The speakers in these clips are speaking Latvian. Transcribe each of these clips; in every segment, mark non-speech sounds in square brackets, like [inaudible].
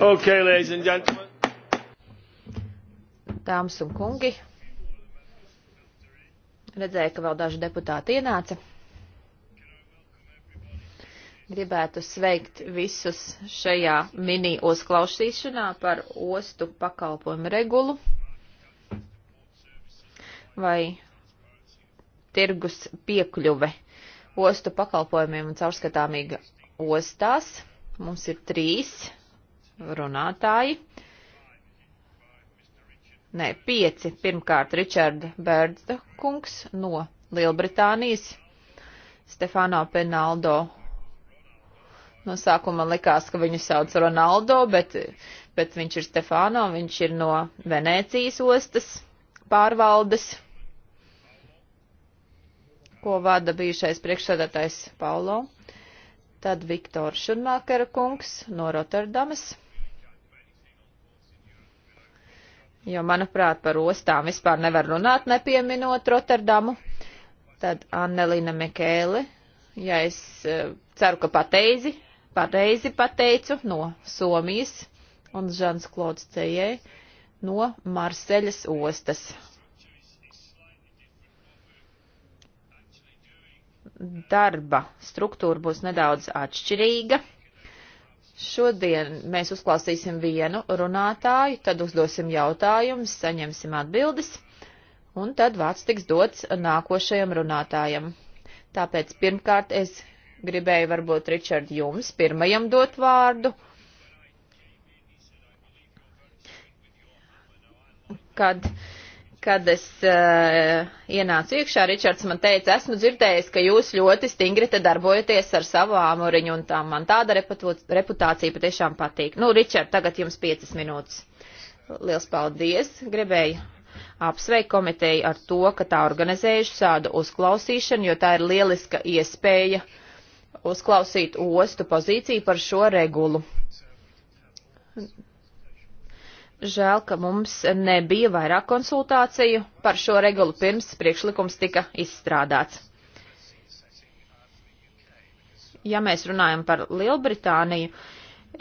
Okay, ladies and gentlemen. Dāmas un kungi, redzēju, ka vēl daži deputāti ienāca. Gribētu sveikt visus šajā mini uzklausīšanā par ostu pakalpojumu regulu vai tirgus piekļuve ostu pakalpojumiem un caurskatāmīga ostās. Mums ir trīs runātāji. Nē, pieci. Pirmkārt, Richarda Bērda kungs no Lielbritānijas, Stefano Penaldo. No sākuma likās, ka viņu sauc Ronaldo, bet, bet viņš ir Stefano, viņš ir no Venēcijas ostas pārvaldes, ko vada bijušais priekšsēdētājs Paulo. Tad Viktor Šunmākera kungs no Rotterdamas. jo, manuprāt, par ostām vispār nevar runāt, nepieminot Rotterdamu. Tad Annelīna Mekēle, ja es e, ceru, ka pateizi, pareizi pateicu, no Somijas un Žans Klods Cejē no Marseļas ostas. Darba struktūra būs nedaudz atšķirīga. Šodien mēs uzklausīsim vienu runātāju, tad uzdosim jautājumus, saņemsim atbildes, un tad vārds tiks dots nākošajam runātājam. Tāpēc pirmkārt es gribēju varbūt Richard jums pirmajam dot vārdu. Kad uh, Kad es uh, ienācu iekšā, Ričards man teica, esmu dzirdējis, ka jūs ļoti stingri te darbojaties ar savu āmuriņu, un tā man tāda reputācija patiešām patīk. Nu, Ričard, tagad jums piecas minūtes. Liels paldies! Gribēju apsveikt komiteju ar to, ka tā organizējuši šādu uzklausīšanu, jo tā ir lieliska iespēja uzklausīt ostu pozīciju par šo regulu. Žēl, ka mums nebija vairāk konsultāciju par šo regulu pirms priekšlikums tika izstrādāts. Ja mēs runājam par Lielbritāniju,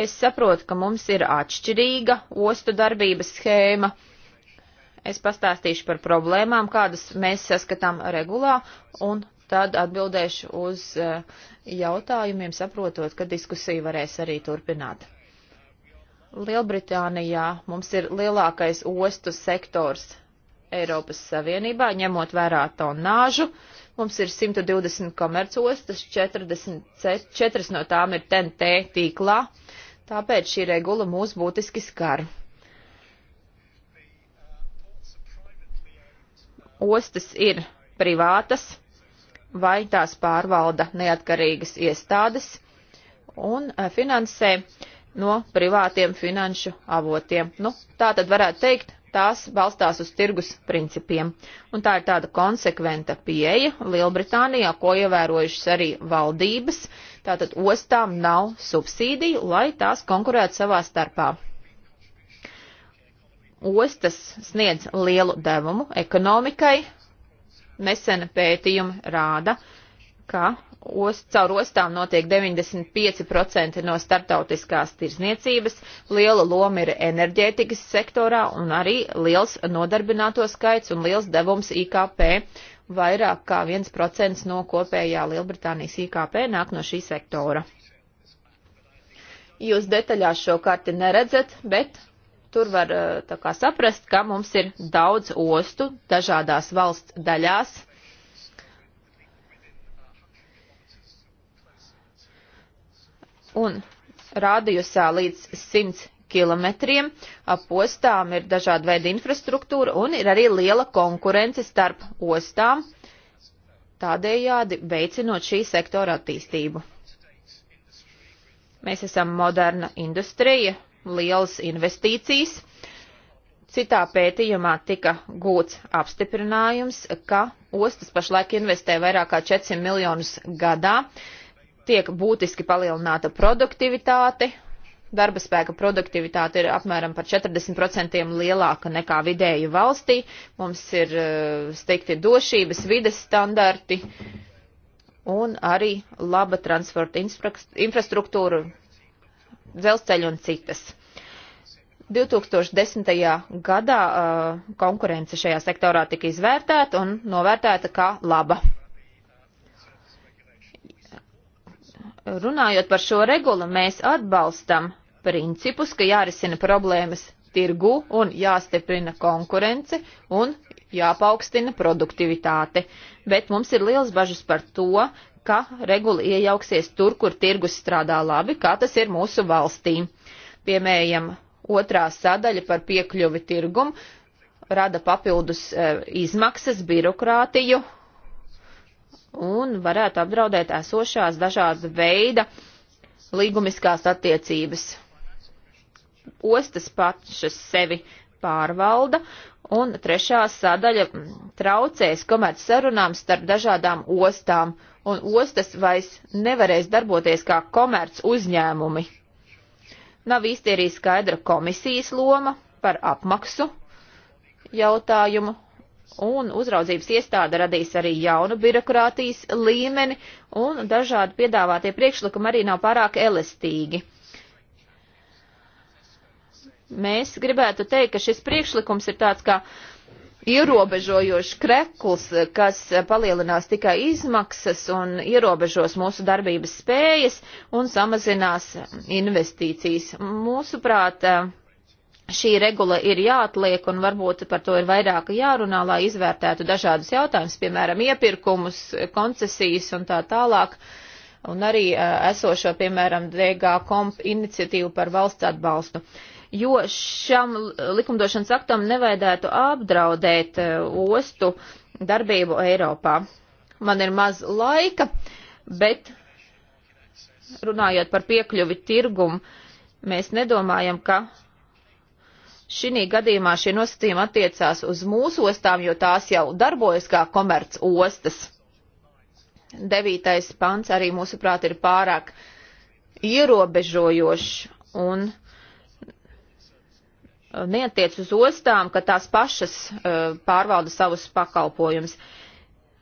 es saprotu, ka mums ir atšķirīga ostu darbības schēma. Es pastāstīšu par problēmām, kādas mēs saskatām regulā, un tad atbildēšu uz eh, jautājumiem, saprotot, ka diskusiju varēs arī turpināt. Lielbritānijā mums ir lielākais ostu sektors Eiropas Savienībā, ņemot vērā tonāžu. Mums ir 120 komercostas, 44 no tām ir TNT tīklā, tāpēc šī regula mūs būtiski skar. Ostas ir privātas, vai tās pārvalda neatkarīgas iestādes un eh, finansē uh, no privātiem finanšu avotiem. Nu, tā tad varētu teikt, tās balstās uz tirgus principiem. Un tā ir tāda konsekventa pieeja Lielbritānijā, ko ievērojušas arī valdības. Tātad ostām nav subsīdiju, lai tās konkurētu savā starpā. Ostas sniedz lielu devumu ekonomikai. Nesena pētījuma rāda, ka ost, caur ostām notiek 95% no startautiskās tirzniecības, liela loma ir enerģētikas sektorā un arī liels nodarbināto skaits un liels devums IKP. Vairāk kā 1% no kopējā Lielbritānijas IKP nāk no šī sektora. Jūs detaļās šo karti neredzat, bet tur var eh, tā kā saprast, ka mums ir daudz ostu dažādās valsts daļās un rādījusā līdz 100 kilometriem ap ostām ir dažāda veida infrastruktūra un ir arī liela konkurence starp ostām, tādējādi veicinot šī sektora attīstību. Mēs esam moderna industrija, liels investīcijas. Citā pētījumā tika gūts apstiprinājums, ka ostas pašlaik investē vairāk kā 400 miljonus gadā, uh, tiek būtiski palielināta produktivitāte. Darba spēka produktivitāte ir apmēram par 40% lielāka nekā vidēju valstī. Mums ir eh, steigti došības, vides standarti un arī laba transporta infrastruktūra, dzelzceļa un citas. 2010. gadā uh, konkurence šajā sektorā tika izvērtēta un novērtēta kā laba. runājot par šo regulu, mēs atbalstam principus, ka jārisina problēmas tirgu un jāstiprina konkurence un jāpaukstina produktivitāte. Bet mums ir liels bažas par to, ka regula iejauksies tur, kur tirgus strādā labi, kā tas ir mūsu valstī. Piemēram, otrā sadaļa par piekļuvi tirgumu rada papildus eh, izmaksas birokrātiju un varētu apdraudēt esošās dažāda veida līgumiskās attiecības. Ostas pašas sevi pārvalda, un trešā sadaļa traucēs komerc sarunām starp dažādām ostām, un ostas vairs nevarēs darboties kā komerc uzņēmumi. Nav īsti arī skaidra komisijas loma par apmaksu jautājumu, un uzraudzības iestāde radīs arī jaunu birokrātijas līmeni, un dažādi piedāvātie priekšlikumi arī nav pārāk elastīgi. Mēs gribētu teikt, ka šis priekšlikums ir tāds kā ierobežojošs krekls, kas palielinās tikai izmaksas un ierobežos mūsu darbības spējas un samazinās investīcijas. Mūsuprāt, uh, šī regula ir jāatliek un varbūt par to ir vairāk jārunā, lai izvērtētu dažādus jautājumus, piemēram, iepirkumus, koncesijas un tā tālāk, un arī esošo, piemēram, DG komp iniciatīvu par valsts atbalstu. Jo šam likumdošanas aktam nevajadzētu apdraudēt ostu darbību Eiropā. Man ir maz laika, bet runājot par piekļuvi tirgumu, mēs nedomājam, ka šī gadījumā šie nosacījumi attiecās uz mūsu ostām, jo tās jau darbojas kā komerc ostas. Devītais pants arī mūsuprāt ir pārāk ierobežojošs un uh, neatiec uz ostām, ka tās pašas uh, pārvalda savus pakalpojumus.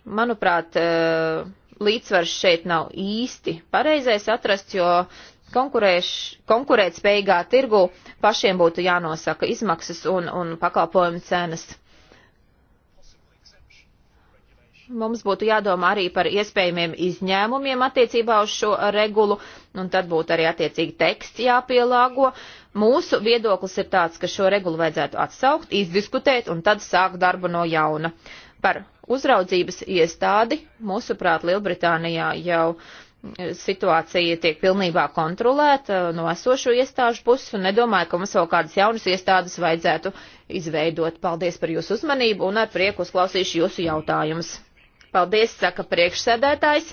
Manuprāt, uh, līdzsvars šeit nav īsti pareizais atrasts, jo konkurētspējīgā tirgu pašiem būtu jānosaka izmaksas un, un pakalpojumu cenas. Mums būtu jādomā arī par iespējamiem izņēmumiem attiecībā uz šo regulu, un tad būtu arī attiecīgi teksts jāpielāgo. Mūsu viedoklis ir tāds, ka šo regulu vajadzētu atsaukt, izdiskutēt un tad sākt darbu no jauna. Par uzraudzības iestādi, mūsuprāt, Lielbritānijā jau situācija tiek pilnībā kontrolēta no esošo iestāžu puses un nedomāju, ka mums vēl kādas jaunas iestādes vajadzētu izveidot. Paldies par jūsu uzmanību un ar prieku uzklausīšu jūsu jautājumus. Paldies, saka priekšsēdētājs.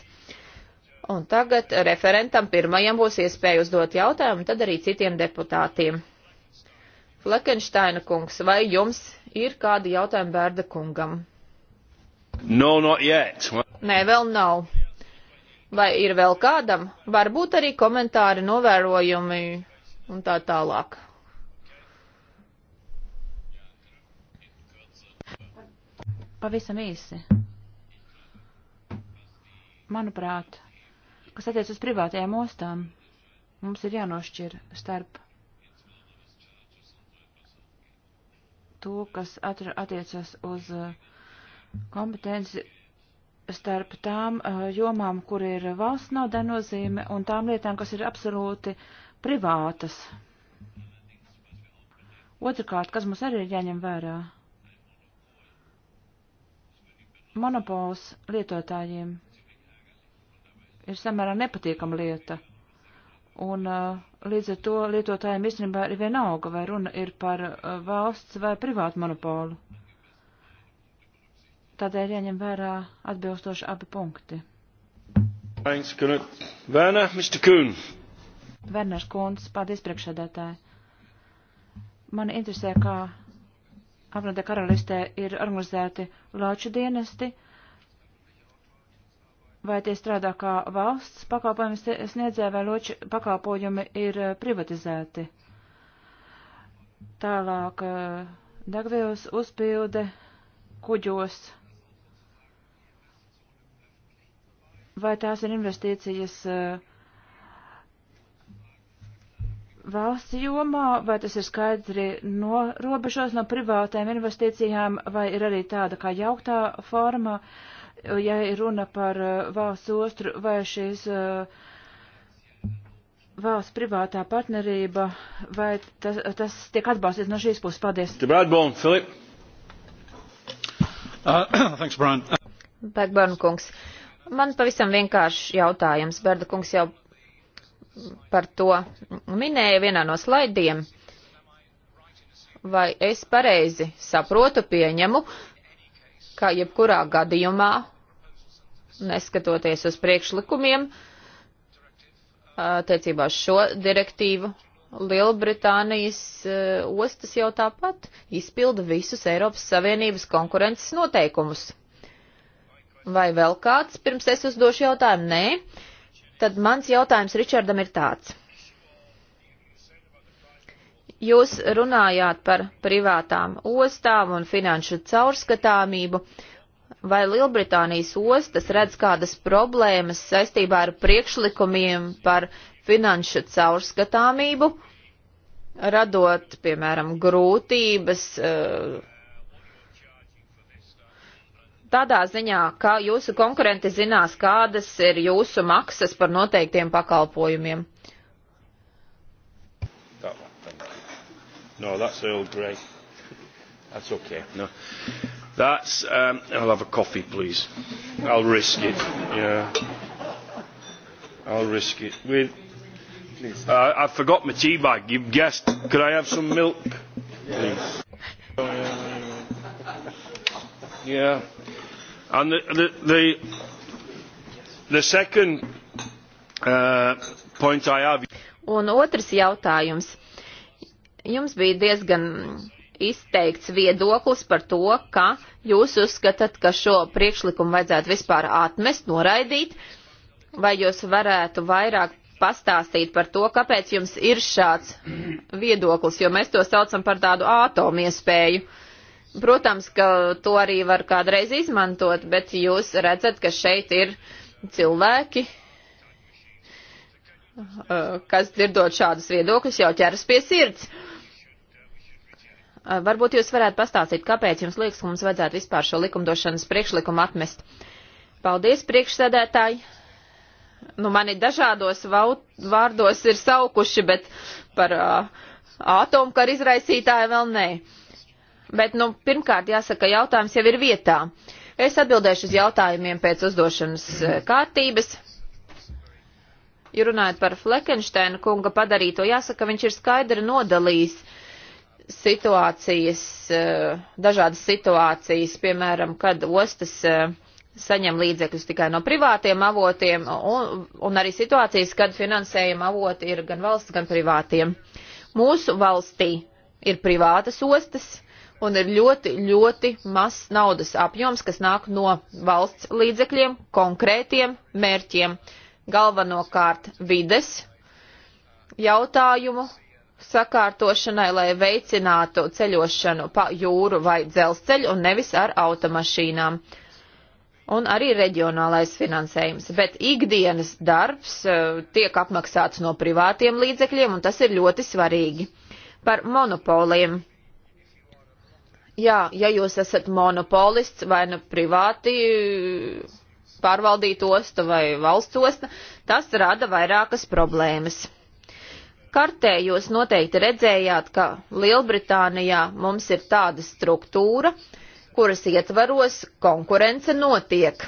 Un tagad referentam pirmajam būs iespēja uzdot jautājumu, tad arī citiem deputātiem. Fleckensteina kungs, vai jums ir kādi jautājumi Bērda kungam? No, not yet. Nē, vēl nav. Vai ir vēl kādam? Varbūt arī komentāri, novērojumi un tā tālāk. Pavisam īsi. Manuprāt, kas attiec uz privātajām ostām, mums ir jānošķir starp to, kas attiecas uz uh, kompetenci starp tām eh, jomām, kur ir valsts nauda nozīme, un tām lietām, kas ir absolūti privātas. Otrakārt, kas mums arī ir jāņem vērā? Monopols lietotājiem ir samērā nepatīkama lieta, un eh, līdz ar to lietotājiem īstenībā ir vienalga, vai runa ir par eh, valsts vai privātu monopolu. Tādēļ jāņem vērā atbilstoši abi punkti. Vērner, Mr. Kuhn. Vērners Kunds, paldies priekšsēdētāji. Man interesē, kā apvienotā karalistē ir organizēti lāču dienesti, vai tie strādā kā valsts pakalpojumi sniedzē, vai lāču pakalpojumi ir eh, privatizēti. Tālāk eh, degvielas uzpilde kuģos vai tās ir investīcijas eh, valsts jomā, vai tas ir skaidri norobežos no privātēm investīcijām, vai ir arī tāda kā jauktā forma, ja ir runa par eh, valsts ostru, vai šīs eh, valsts privātā partnerība, vai tas, tas tiek atbalstīts no šīs puses. Paldies. Bradbone, Filip. Uh, [clears throat] thanks, Brian. Bradbone, kungs. Uh, Man pavisam vienkāršs jautājums. Berda kungs jau par to minēja vienā no slaidiem. Vai es pareizi saprotu, pieņemu, ka jebkurā gadījumā, neskatoties uz priekšlikumiem, attiecībā uz šo direktīvu, Lielbritānijas ostas jau tāpat izpilda visus Eiropas Savienības konkurences noteikumus. Vai vēl kāds pirms es uzdošu jautājumu? Nē. Tad mans jautājums Ričardam ir tāds. Jūs runājāt par privātām ostām un finanšu caurskatāmību. Vai Lielbritānijas ostas redz kādas problēmas saistībā ar priekšlikumiem par finanšu caurskatāmību, radot, piemēram, grūtības? Uh, tādā ziņā, ka jūsu konkurenti zinās, kādas ir jūsu maksas par noteiktiem pakalpojumiem. No, that's Earl Grey. That's okay. No. That's, um, I'll have a coffee, please. I'll risk it. Yeah. I'll risk it. With, please. Uh, I forgot my tea bag. You've guessed. Could I have some milk? Please. Yes. Oh, yeah, yeah. yeah. And the, the, the, the second uh, point I have. Un otrs jautājums. Jums bija diezgan izteikts viedoklis par to, ka jūs uzskatāt, ka šo priekšlikumu vajadzētu vispār atmest, noraidīt, vai jūs varētu vairāk pastāstīt par to, kāpēc jums ir šāds viedoklis, jo mēs to saucam par tādu ātomiespēju. Uh, Protams, ka to arī var kādreiz izmantot, bet jūs redzat, ka šeit ir cilvēki, eh, kas dzirdot šādus viedokļus jau ķeras pie sirds. Eh, varbūt jūs varētu pastāstīt, kāpēc jums liekas, ka mums vajadzētu vispār šo likumdošanas priekšlikumu atmest. Paldies, priekšsēdētāji! Nu, mani dažādos vārdos ir saukuši, bet par uh, eh, atomkaru izraisītāju vēl nē. Uh, Bet, nu, pirmkārt jāsaka, jautājums jau ir vietā. Es atbildēšu uz jautājumiem pēc uzdošanas eh, kārtības. Ja runājot par Fleckensteina kunga padarīto, jāsaka, viņš ir skaidri nodalījis situācijas, eh, dažādas situācijas, piemēram, kad ostas eh, saņem līdzekļus tikai no privātiem avotiem, un, un arī situācijas, kad finansējuma avoti ir gan valsts, gan privātiem. Mūsu valstī ir privātas ostas, un ir ļoti, ļoti mazs naudas apjoms, kas nāk no valsts līdzekļiem konkrētiem mērķiem, galvenokārt vides jautājumu sakārtošanai, lai veicinātu ceļošanu pa jūru vai dzelzceļu un nevis ar automašīnām. Un arī reģionālais finansējums, bet ikdienas darbs e, tiek apmaksāts no privātiem līdzekļiem, un tas ir ļoti svarīgi. Par monopoliem Jā, ja jūs esat monopolists vai nu privāti pārvaldīta osta vai valsts osta, tas rada vairākas problēmas. Kartē jūs noteikti redzējāt, ka Lielbritānijā mums ir tāda struktūra, kuras ietvaros konkurence notiek.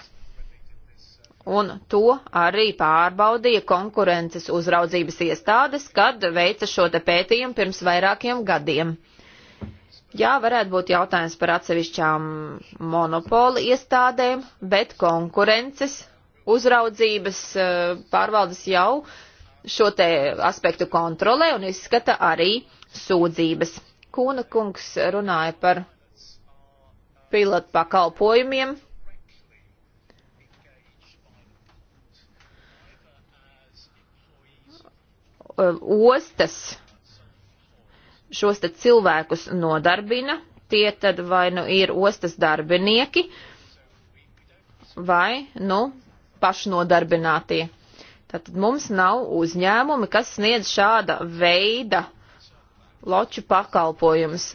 Un to arī pārbaudīja konkurences uzraudzības iestādes, kad veica šo te pētījumu pirms vairākiem gadiem. Jā, varētu būt jautājums par atsevišķām monopoli iestādēm, bet konkurences uzraudzības eh, pārvaldes jau šo te aspektu kontrolē un izskata arī sūdzības. Kūna kungs runāja par pilotu pakalpojumiem. Eh, ostas šos te cilvēkus nodarbina, tie tad vai nu ir ostas darbinieki, vai nu pašnodarbinātie. Tātad mums nav uzņēmumi, kas sniedz šāda veida loču pakalpojumus.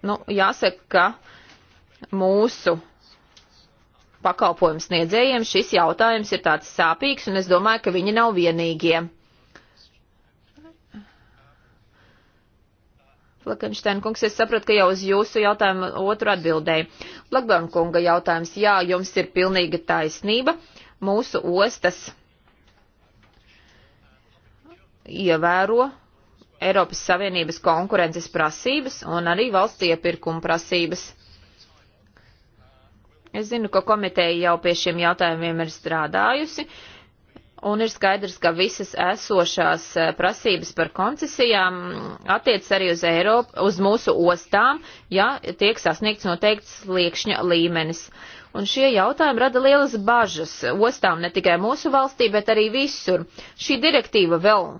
Nu, jāsaka, ka mūsu pakalpojumu sniedzējiem šis jautājums ir tāds sāpīgs, un es domāju, ka viņi nav vienīgie. Flakenšteina kungs, es sapratu, ka jau uz jūsu jautājumu otru atbildēju. Blackburn kunga jautājums, jā, jums ir pilnīga taisnība. Mūsu ostas ievēro Eiropas Savienības konkurences prasības un arī valsts iepirkuma prasības. Es zinu, ka komiteja jau pie šiem jautājumiem ir strādājusi. Uh, Un ir skaidrs, ka visas esošās eh, prasības par koncesijām attiecas arī uz, Eiropu, uz mūsu ostām, ja tiek sasniegts noteikts liekšņa līmenis. Un šie jautājumi rada lielas bažas ostām ne tikai mūsu valstī, bet arī visur. Šī direktīva vēl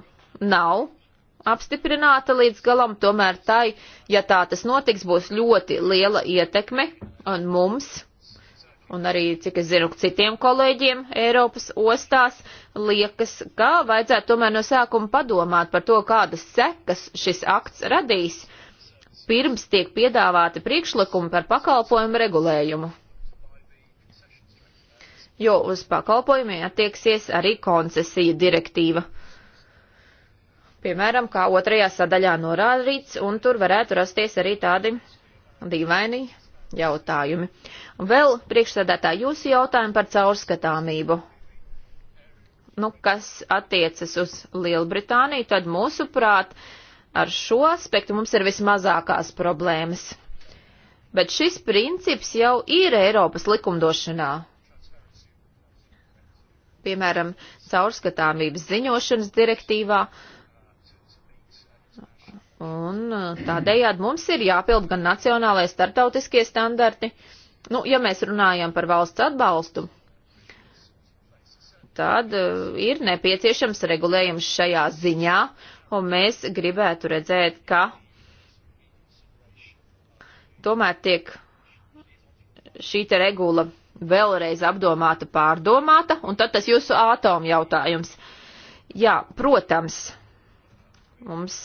nav apstiprināta līdz galam, tomēr tai, ja tā tas notiks, būs ļoti liela ietekme un mums un arī, cik es zinu, citiem kolēģiem Eiropas ostās liekas, ka vajadzētu tomēr no sākuma padomāt par to, kādas sekas šis akts radīs, pirms tiek piedāvāti priekšlikumi par pakalpojumu regulējumu. Jo uz pakalpojumiem attieksies arī koncesija direktīva. Piemēram, kā otrajā sadaļā norādīts, un tur varētu rasties arī tādi dīvaini jautājumi. Un vēl priekšsēdētā jūsu jautājumu par caurskatāmību. Nu, kas attiecas uz Lielbritāniju, tad mūsuprāt ar šo aspektu mums ir vismazākās problēmas. Bet šis princips jau ir Eiropas likumdošanā. Piemēram, caurskatāmības ziņošanas direktīvā uh, Un uh, tādējādi mums ir jāpild gan nacionālai startautiskie standarti. Nu, ja mēs runājam par valsts atbalstu, tad uh, ir nepieciešams regulējums šajā ziņā, un mēs gribētu redzēt, ka tomēr tiek šī te regula vēlreiz apdomāta, pārdomāta, un tad tas jūsu ātomu jautājums. Jā, protams, mums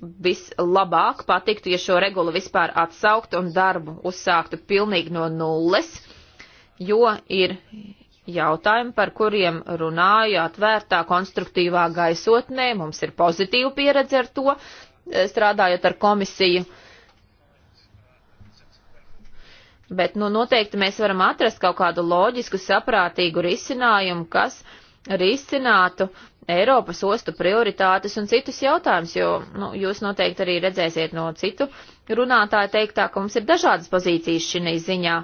vislabāk patiktu, ja šo regulu vispār atsaukt un darbu uzsāktu pilnīgi no nulles, jo ir jautājumi, par kuriem runāju atvērtā, konstruktīvā gaisotnē. Mums ir pozitīva pieredze ar to, eh, strādājot ar komisiju. Bet nu, noteikti mēs varam atrast kaut kādu loģisku, saprātīgu risinājumu, kas risinātu Eiropas ostu prioritātes un citus jautājumus, jo nu, jūs noteikti arī redzēsiet no citu runātāju teiktā, ka mums ir dažādas pozīcijas šī ziņā,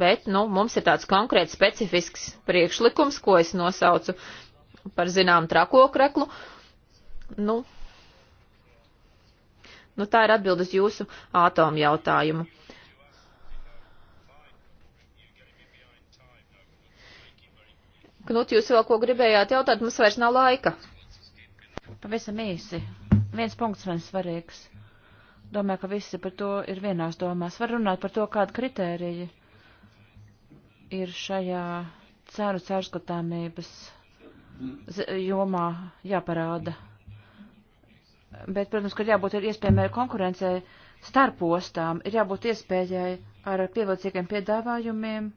bet nu, mums ir tāds konkrēts specifisks priekšlikums, ko es nosaucu par zinām trako kreklu. Nu, nu, tā ir atbildes jūsu ātomu jautājumu. Knut, jūs vēl ko gribējāt jautāt, mums vairs nav laika. Pavisam īsi. Viens punkts man svarīgs. Domāju, ka visi par to ir vienās domās. Var runāt par to, kāda kritērija ir šajā cēnu cērskatāmības jomā jāparāda. Bet, protams, ka jābūt ir iespējamai konkurencei starp ostām, ir jābūt iespējai ar pievilcīgiem piedāvājumiem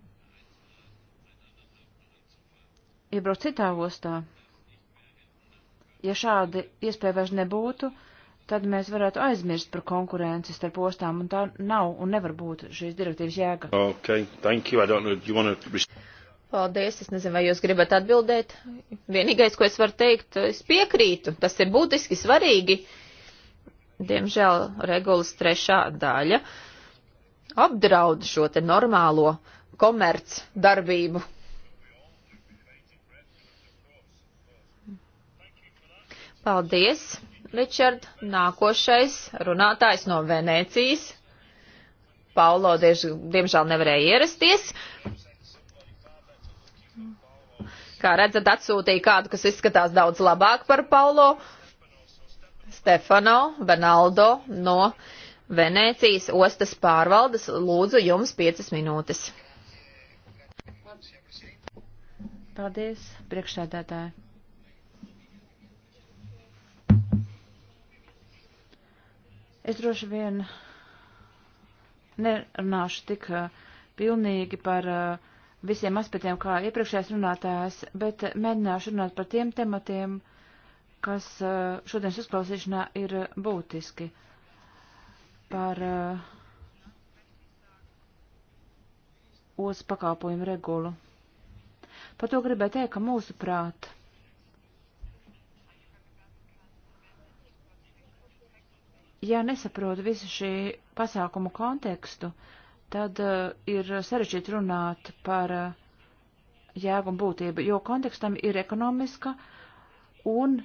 iebraukt citā ostā. Ja šādi iespēja vairs nebūtu, tad mēs varētu aizmirst par konkurenci starp ostām, un tā nav un nevar būt šīs direktīvas jēga. Okay, thank you. I don't know, you wanna... Paldies, es nezinu, vai jūs gribat atbildēt. Vienīgais, ko es varu teikt, es piekrītu, tas ir būtiski svarīgi. Diemžēl regulas trešā daļa apdraud šo te normālo komerc darbību Paldies, Ričard. Nākošais runātājs no Venēcijas. Paulo, diež, diemžēl, nevarēja ierasties. Kā redzat, atsūtīja kādu, kas izskatās daudz labāk par Paulo. Stefano Benaldo no Venēcijas ostas pārvaldes. Lūdzu, jums piecas minūtes. Paldies, priekšsēdētāji. Es droši vien nerunāšu tik uh, pilnīgi par uh, visiem aspektiem, kā iepriekšējais runātājs, bet mēģināšu runāt par tiem tematiem, kas uh, šodienas uzklausīšanā ir būtiski. Par ostu pakāpojumu regulu. Par to gribēju teikt, ka mūsu prāta ja nesaprotu visu šī pasākumu kontekstu, tad uh, ir sarežģīti runāt par uh, jēgu un būtību, jo kontekstam ir ekonomiska un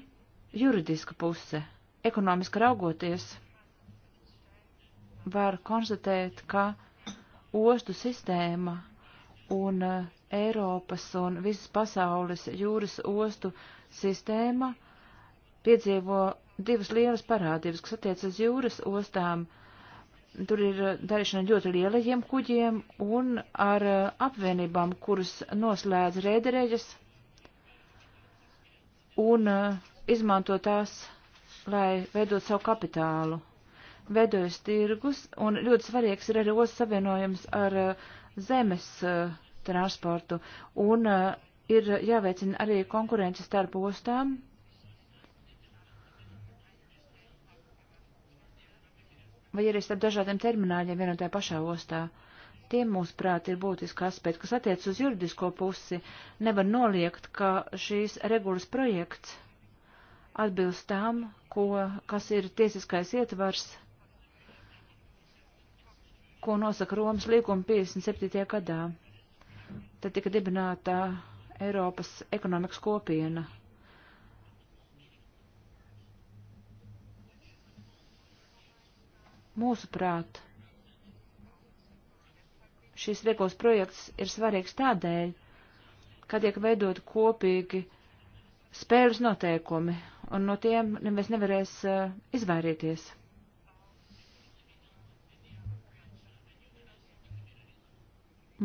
juridiska puse. Ekonomiski raugoties, var konstatēt, ka ostu sistēma un uh, Eiropas un visas pasaules jūras ostu sistēma piedzīvo divas lielas parādības, kas attiecas uz jūras ostām. Tur ir eh, darīšana ļoti lielajiem kuģiem un ar eh, apvienībām, kuras noslēdz rēderēģis un eh, izmanto tās, lai veidot savu kapitālu. Veidojas tirgus un ļoti svarīgs ir arī ostas savienojums ar zemes transportu un ir jāveicina arī konkurence starp ostām vai arī starp dažādiem termināļiem vienā tajā pašā ostā. Tie, mūsuprāt, ir būtiski aspekti, kas attiec uz juridisko pusi. Nevar noliegt, ka šīs regulas projekts atbilst tām, ko, kas ir tiesiskais ietvars, ko nosaka Romas līguma 57. gadā. Tad tika dibināta Eiropas ekonomikas kopiena Mūsuprāt, šis vieglos projekts ir svarīgs tādēļ, ka tiek veidot kopīgi spēles noteikumi, un no tiem nemaz nevarēs uh, izvairīties.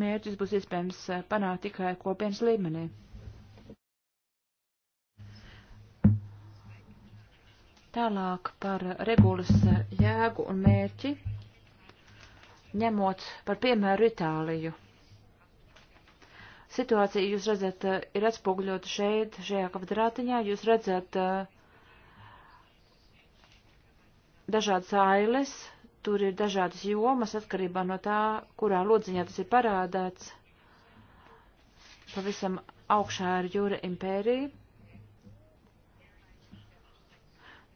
Mērķis būs iespējams eh, panākt tikai kopienas līmenī. Tālāk par regulas jēgu un mērķi, ņemot par piemēru Itāliju. Situācija, jūs redzat, ir atspoguļota šeit, šajā kvadrātiņā. Jūs redzat eh, dažādas ailes, tur ir dažādas jomas atkarībā no tā, kurā lodziņā tas ir parādāts. Pavisam augšā ir jūra impērija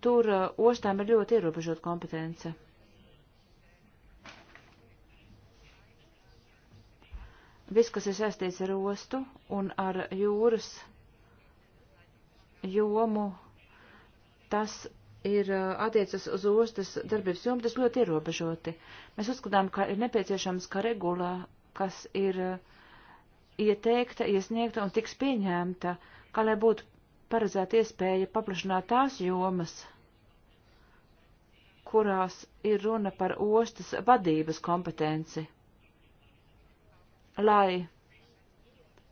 tur uh, ostām ir ļoti ierobežot kompetence. Viss, kas ir saistīts ar ostu un ar jūras jomu, tas ir uh, attiecas uz ostas darbības jomu, tas ļoti ierobežoti. Mēs uzskatām, ka ir nepieciešams, ka regulā, kas ir uh, ieteikta, iesniegta un tiks pieņemta, kā lai būtu paredzēta iespēja paplašināt tās jomas, kurās ir runa par ostas vadības kompetenci, lai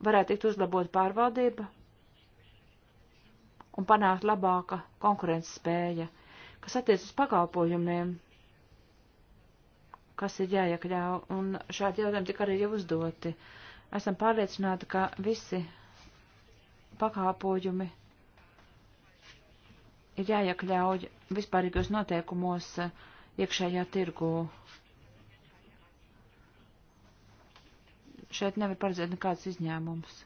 varētu tikt uzlabot pārvaldība un panākt labāka konkurences spēja, kas attiec uz pakalpojumiem, kas ir jāiekļauj, un šādi jautājumi tika arī jau uzdoti. Esam pārliecināti, ka visi pakalpojumi ir jāiekļauj vispārīgos noteikumos eh, iekšējā tirgū. Šeit nevar paredzēt nekādas izņēmumus.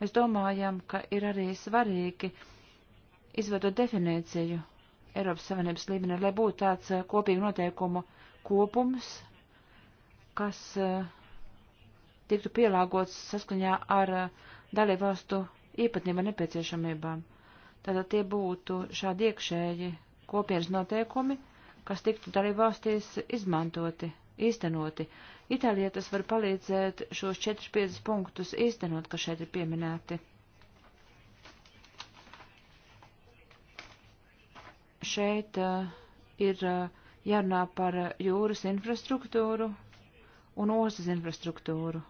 Mēs domājam, ka ir arī svarīgi izveidot definīciju Eiropas Savienības līmenī, lai būtu tāds eh, kopīgu noteikumu kopums, kas eh, tiktu pielāgots saskaņā ar uh, dalībvalstu īpatnība nepieciešamībām. Tātad tie būtu šādi iekšēji kopienas noteikumi, kas tiktu dalībvalstīs izmantoti, īstenoti. Itālijā tas var palīdzēt šos 4-5 punktus īstenot, kas šeit ir pieminēti. Šeit uh, ir uh, jārunā par eh, jūras infrastruktūru un ostas infrastruktūru.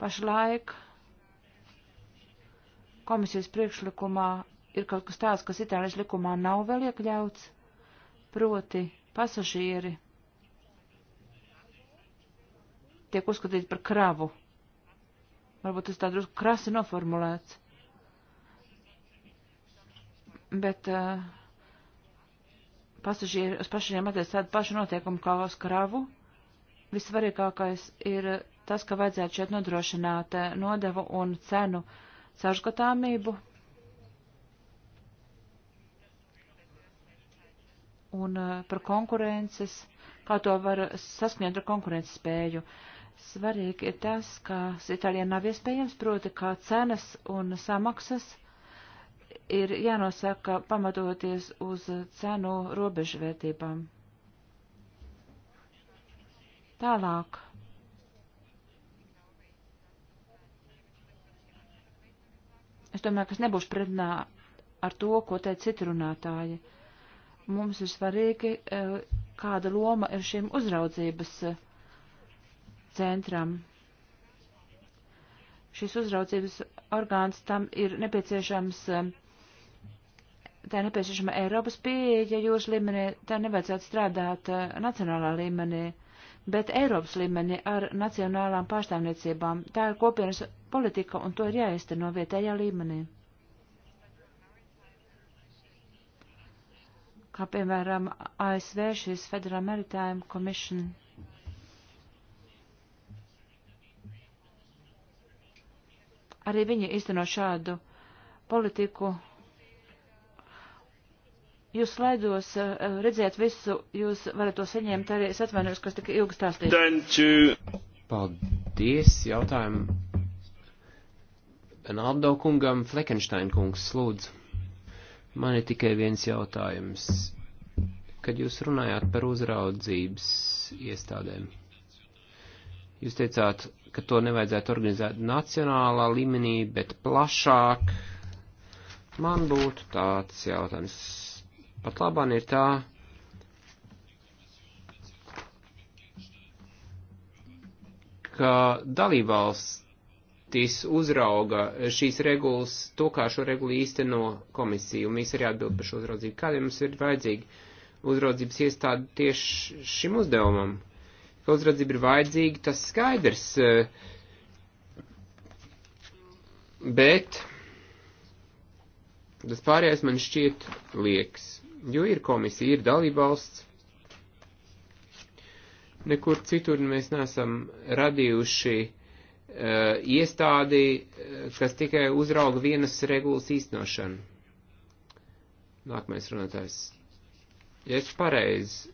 Pašlaik komisijas priekšlikumā ir kaut kas tāds, kas Itālijas likumā nav vēl iekļauts, proti pasažieri tiek uzskatīti par kravu. Varbūt tas tā drusku krasi noformulēts. Bet uh, pasažieri, uz pasažieriem attiec tādu pašu noteikumu kā uz kravu. Vissvarīgākais ir tas, ka vajadzētu šeit nodrošināt eh, nodevu un cenu sažgatāmību. Un eh, par konkurences, kā to var sasniegt ar konkurences spēju. Svarīgi ir tas, kas Itālijā nav iespējams, proti, kā cenas un samaksas ir jānosaka pamatoties uz cenu robežvērtībām. Tālāk es domāju, kas nebūs pretrunā ar to, ko teica citi runātāji. Mums ir svarīgi, e, kāda loma ir šim uzraudzības e, centram. Šis uzraudzības orgāns tam ir nepieciešams, e, tā ir nepieciešama Eiropas pieeja jūras līmenī, tā nevajadzētu strādāt nacionālā līmenī. Uh, bet Eiropas līmenī ar nacionālām pārstāvniecībām. Tā ir kopienas politika, un to ir jāizteno vietējā līmenī. kā piemēram ASV šīs Federal Maritime Commission. Arī viņi izteno šādu politiku Jūs slaidos eh, redzēt visu, jūs varat to saņemt arī, es atvainojos, kas tik ilgi stāstīju. Paldies jautājumu. Naldo kungam Fleckenstein kungs slūdzu. Man ir tikai viens jautājums. Kad jūs runājāt par uzraudzības iestādēm, jūs teicāt, ka to nevajadzētu organizēt nacionālā līmenī, bet plašāk. Man būtu tāds jautājums pat labāk ir tā, ka dalībvalstis uzrauga šīs regulas, to, kā šo regulu īsteno komisija, un mēs arī atbild par šo uzraudzību. Kādiem mums ir vajadzīgi uzraudzības iestādi tieši šim uzdevumam? Ka uzraudzība ir vajadzīga, tas skaidrs, eh, bet tas pārējais man šķiet liekas jo ir komisija, ir dalībvalsts. Nekur citur mēs neesam radījuši uh, iestādi, eh, kas tikai uzrauga vienas regulas īstenošanu. Nākamais runātājs. Ja es pareizi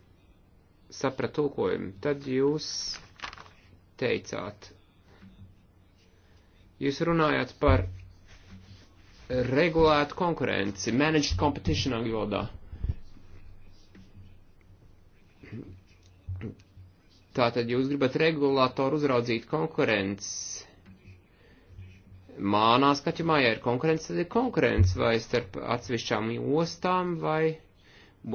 sapratu tulkojumu, tad jūs teicāt, jūs runājāt par regulētu konkurenci, managed competition angļu valodā. Tātad jūs gribat regulātoru uzraudzīt konkurences. Mānā skatījumā, ja ir konkurence, tad ir konkurence vai starp atsevišķām ostām vai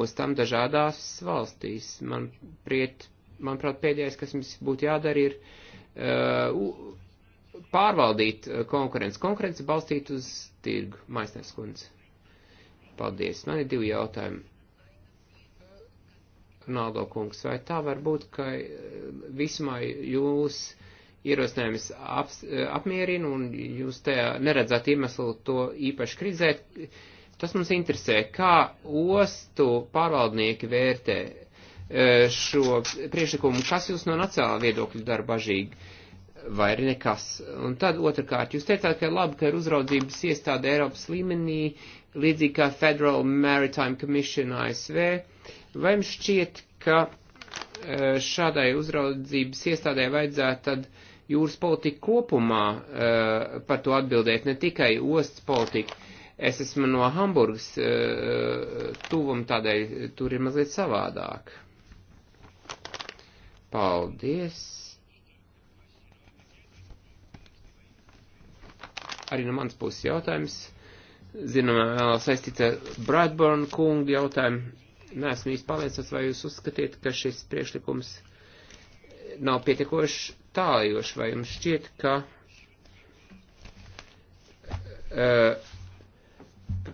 ostām dažādās valstīs. Man priet, manuprāt, pēdējais, kas mums būtu jādara, ir uh, pārvaldīt uh, konkurenci. Konkurence balstīt uz tirgu, maisnes kundze. Paldies. Man ir divi jautājumi. Naldo kungs, vai tā var būt, ka eh, vismā jūs ierosinājums ap, eh, apmierina un jūs tajā neredzat iemeslu to īpaši krizēt? Tas mums interesē, kā ostu pārvaldnieki vērtē eh, šo priekšlikumu, kas jūs no nacionāla viedokļa dara bažīgi? vai arī nekas. Un tad otrkārt, jūs teicāt, ka labi, ka ir uzraudzības iestāde Eiropas līmenī, līdzīgi kā Federal Maritime Commission ASV, Vai jums šķiet, ka e, šādai uzraudzības iestādē vajadzētu tad jūras politiku kopumā e, par to atbildēt, ne tikai ostas politiku? Es esmu no Hamburgas e, tuvuma, tādēļ tur ir mazliet savādāk. Paldies! Arī no manas puses jautājums. Zinām, saistīts ar Bradburn kungu jautājumu neesmu īsti pārliecināts, vai jūs uzskatiet, ka šis priekšlikums nav pietiekoši tālajošs, vai jums šķiet, ka uh,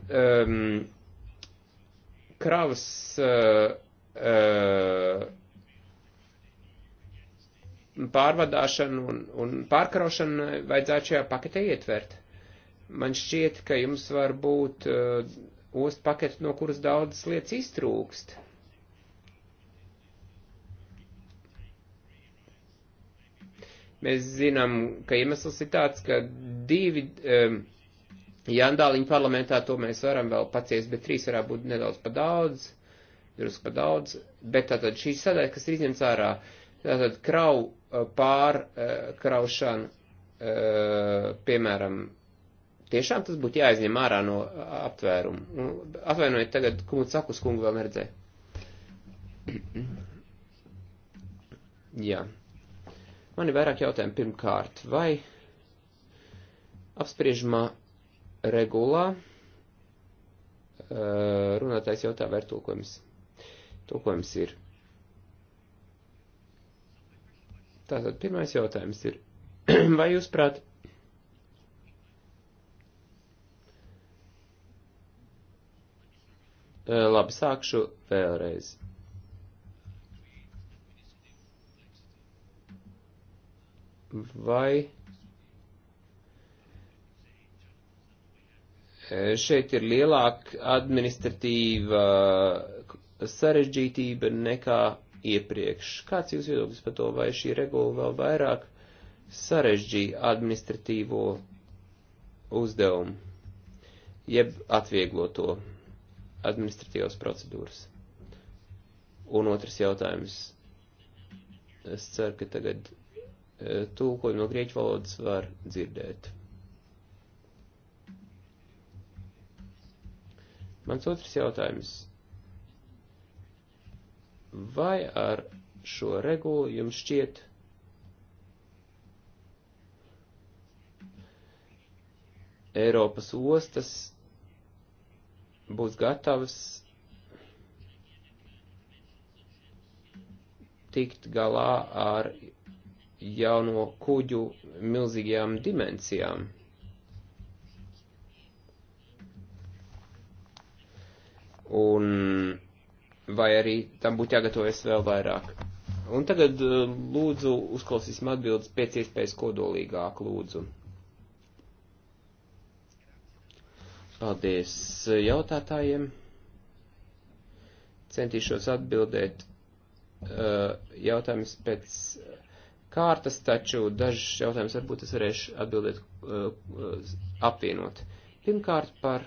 um, kravas uh, uh, pārvadāšanu un, un pārkarošanu vajadzētu šajā paketē ietvert. Man šķiet, ka jums var būt uh, ostu paketi, no kuras daudzas lietas iztrūkst. Mēs zinām, ka iemesls ir tāds, ka divi um, jandāliņi parlamentā to mēs varam vēl paciest, bet trīs varētu būt nedaudz pa daudz, drusku pa daudz, bet tātad šī sadaļa, kas ir izņemts ārā, tātad krau uh, pārkraušana, uh, uh, piemēram, Tiešām tas būtu jāizņem ārā no aptvērumu. Nu, atvainojiet, tagad kungu cakus kungu vēl neredzēju. Jā. Man ir vairāk jautājumu. Pirmkārt, vai apspriežamā regulā runātais jautā, vai ir tulkojums? Tulkojums ir. Tātad pirmais jautājums ir, [clears throat] vai jūs prāt, Eh, labi, sākšu vēlreiz. Vai eh, šeit ir lielāka administratīva sarežģītība nekā iepriekš? Kāds jūs viedoklis par to, vai šī regula vēl vairāk sarežģīja administratīvo uzdevumu, jeb atvieglo to? administratīvas procedūras. Un otrs jautājums. Es ceru, ka tagad e, tūkoļi no grieķu valodas var dzirdēt. Mans otrs jautājums. Vai ar šo regulu jums šķiet, Eiropas ostas būs gatavas tikt galā ar jauno kuģu milzīgajām dimensijām. Un vai arī tam būtu jāgatavojas vēl vairāk. Un tagad eh, lūdzu uzklausīsim atbildes pēc iespējas kodolīgāk lūdzu. Paldies eh, jautātājiem. Centīšos atbildēt eh, jautājumus pēc eh, kārtas, taču dažus jautājumus varbūt es varēšu atbildēt apvienot. Pirmkārt par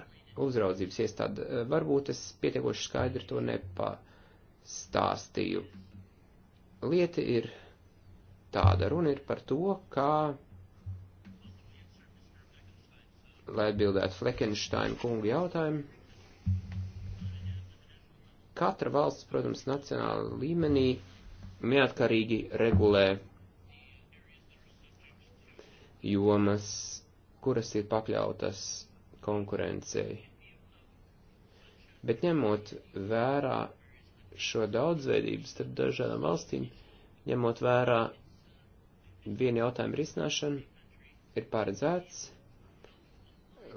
uzraudzības iestādi. Varbūt es pietiekoši skaidri to nepastāstīju. Lieta ir tāda, runa ir par to, kā lai atbildētu Fleckensteina kungu jautājumu. Katra valsts, protams, nacionāla līmenī neatkarīgi regulē jomas, kuras ir pakļautas konkurencei. Bet ņemot vērā šo daudzveidību starp dažādām valstīm, ņemot vērā vienu jautājumu risināšanu, ir paredzēts,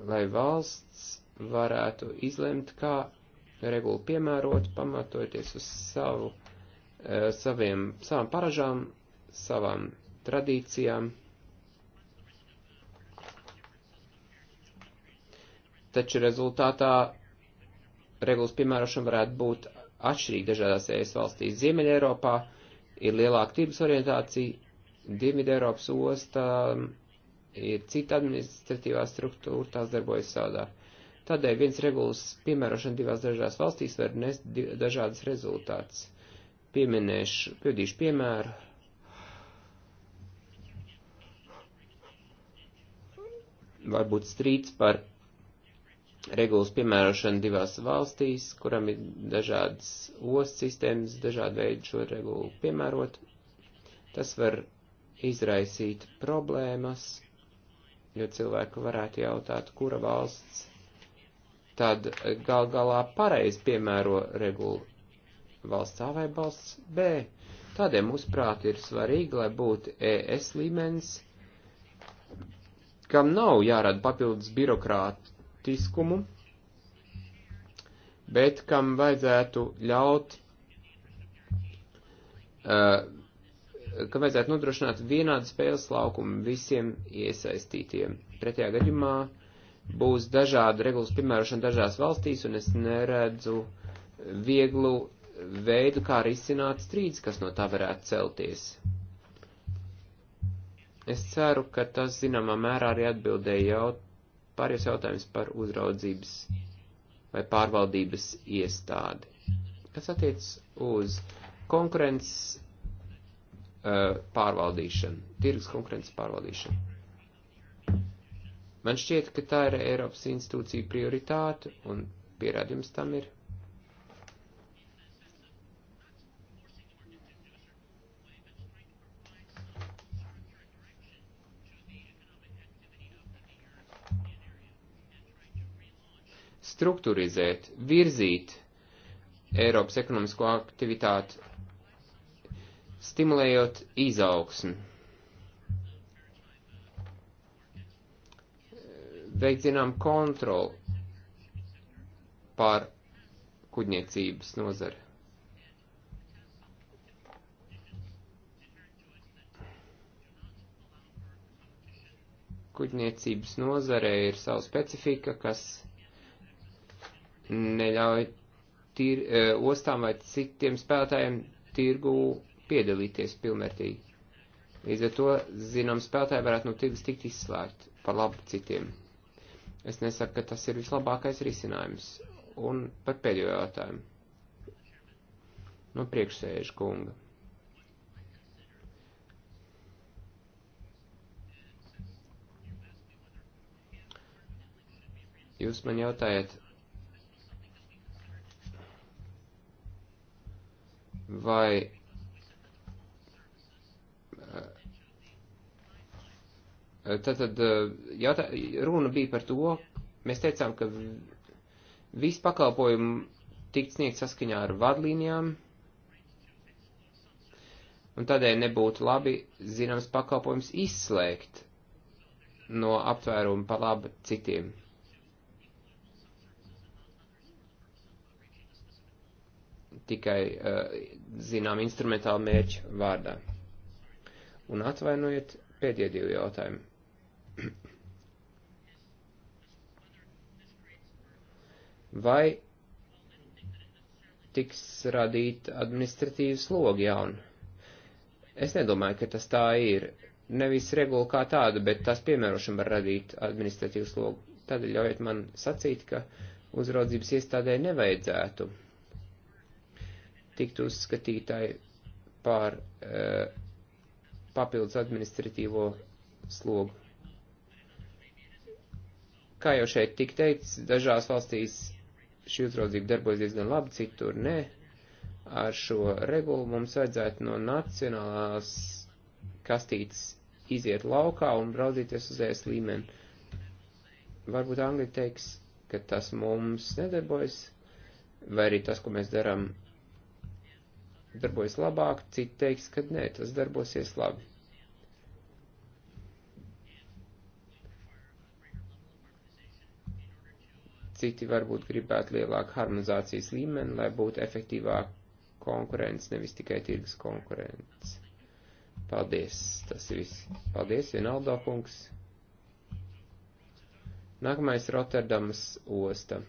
lai valsts varētu izlemt, kā regulu piemērot, pamatoties uz savu, eh, saviem, savām paražām, savām tradīcijām. Taču rezultātā regulas piemērošana varētu būt atšķirīga dažādās ES valstīs. Ziemeļa Eiropā ir lielāka tirgus orientācija, Dienvidu Eiropas ostām ir cita administratīvā struktūra, tās darbojas savādāk. Tādēļ viens regulas piemērošana divās dažādās valstīs var nest dažādas rezultātus. Pieminēšu, pildīšu piemēru. Varbūt strīds par regulas piemērošanu divās valstīs, kuram ir dažādas ostas sistēmas, dažādi veidi šo regulu piemērot. Tas var izraisīt problēmas jo cilvēku varētu jautāt, kura valsts tad gal galā pareizi piemēro regulu valsts A vai valsts B. Tādēļ, mūsuprāt, ir svarīgi, lai būtu ES līmenis, kam nav jārada papildus birokrātiskumu, bet kam vajadzētu ļaut uh, ka vajadzētu nodrošināt vienādu spēles laukumu visiem iesaistītiem. Pretējā gadījumā būs dažādu regulas piemērošana dažās valstīs, un es neredzu vieglu veidu, kā risināt strīds, kas no tā varētu celties. Es ceru, ka tas zināmā mērā arī atbildēja jau pārējais jautājums par uzraudzības vai pārvaldības iestādi. Kas attiec uz konkurences Eh, pārvaldīšana, tirgus konkurences pārvaldīšana. Man šķiet, ka tā ir Eiropas institūcija prioritāte, un pierādījums tam ir. Struktūrizēt, virzīt Eiropas ekonomisko aktivitāti stimulējot izaugsmu. Veikt zinām kontroli pār kuģniecības nozari. Kuģniecības nozare ir savu specifika, kas neļauj tīr, e, eh, ostām vai citiem spēlētājiem tirgu piedalīties pilnvērtīgi. Līdz ar to, zinām, spēlētāji varētu no tirgus tikt izslēgt par labu citiem. Es nesaku, ka tas ir vislabākais risinājums. Un par pēdējo jautājumu. No priekšsēžu kunga. Jūs man jautājat, vai Tātad eh, jautā, runa bija par to, mēs teicām, ka viss pakalpojumu tikt sniegt saskaņā ar vadlīnijām, un tādēļ nebūtu labi zināms pakalpojums izslēgt no aptvērumu pa labu citiem. Tikai uh, zinām instrumentālu mērķu vārdā. Un atvainojiet pēdējie divi jautājumi Vai tiks radīt administratīvu slogu jaunu? Es nedomāju, ka tas tā ir. Nevis regula kā tāda, bet tās piemērošana var radīt administratīvu slogu. Tādēļ ļaujiet man sacīt, ka uzraudzības iestādē nevajadzētu tikt uzskatītāji par e, papildus administratīvo slogu. Kā jau šeit tik teicis, dažās valstīs šī uzraudzība darbojas diezgan labi, citur ne. Ar šo regulu mums vajadzētu no nacionālās kastītes iziet laukā un raudzīties uz ēst līmeni. Varbūt Angļi teiks, ka tas mums nedarbojas, vai arī tas, ko mēs darām, darbojas labāk, citi teiks, ka nē, tas darbosies labi. citi varbūt gribētu lielāku harmonizācijas līmeni, lai būtu efektīvāk konkurence, nevis tikai tirgus konkurence. Paldies, tas ir viss. Paldies, Vienaldo kungs. Nākamais Rotterdamas osta.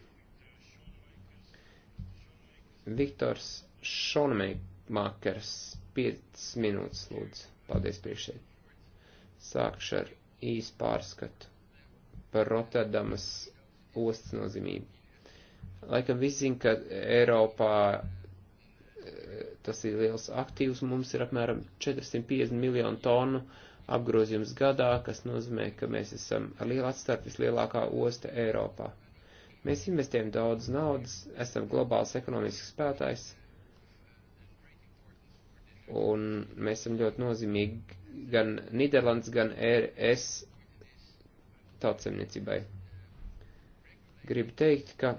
Viktors Šonmeimakers, 5 minūtes lūdzu. Paldies priekšēji. Sākšu ar īsu pārskatu par Rotterdamas ostas nozīmību. Laikam visi zin, ka Eiropā eh, tas ir liels aktīvs, mums ir apmēram 450 miljonu tonu apgrozījums gadā, kas nozīmē, ka mēs esam ar lielu atstarpu vislielākā osta Eiropā. Mēs investējam daudz naudas, esam globāls ekonomisks spētājs, un mēs esam ļoti nozīmīgi gan Niderlands, gan ES tautsemniecībai gribu teikt, ka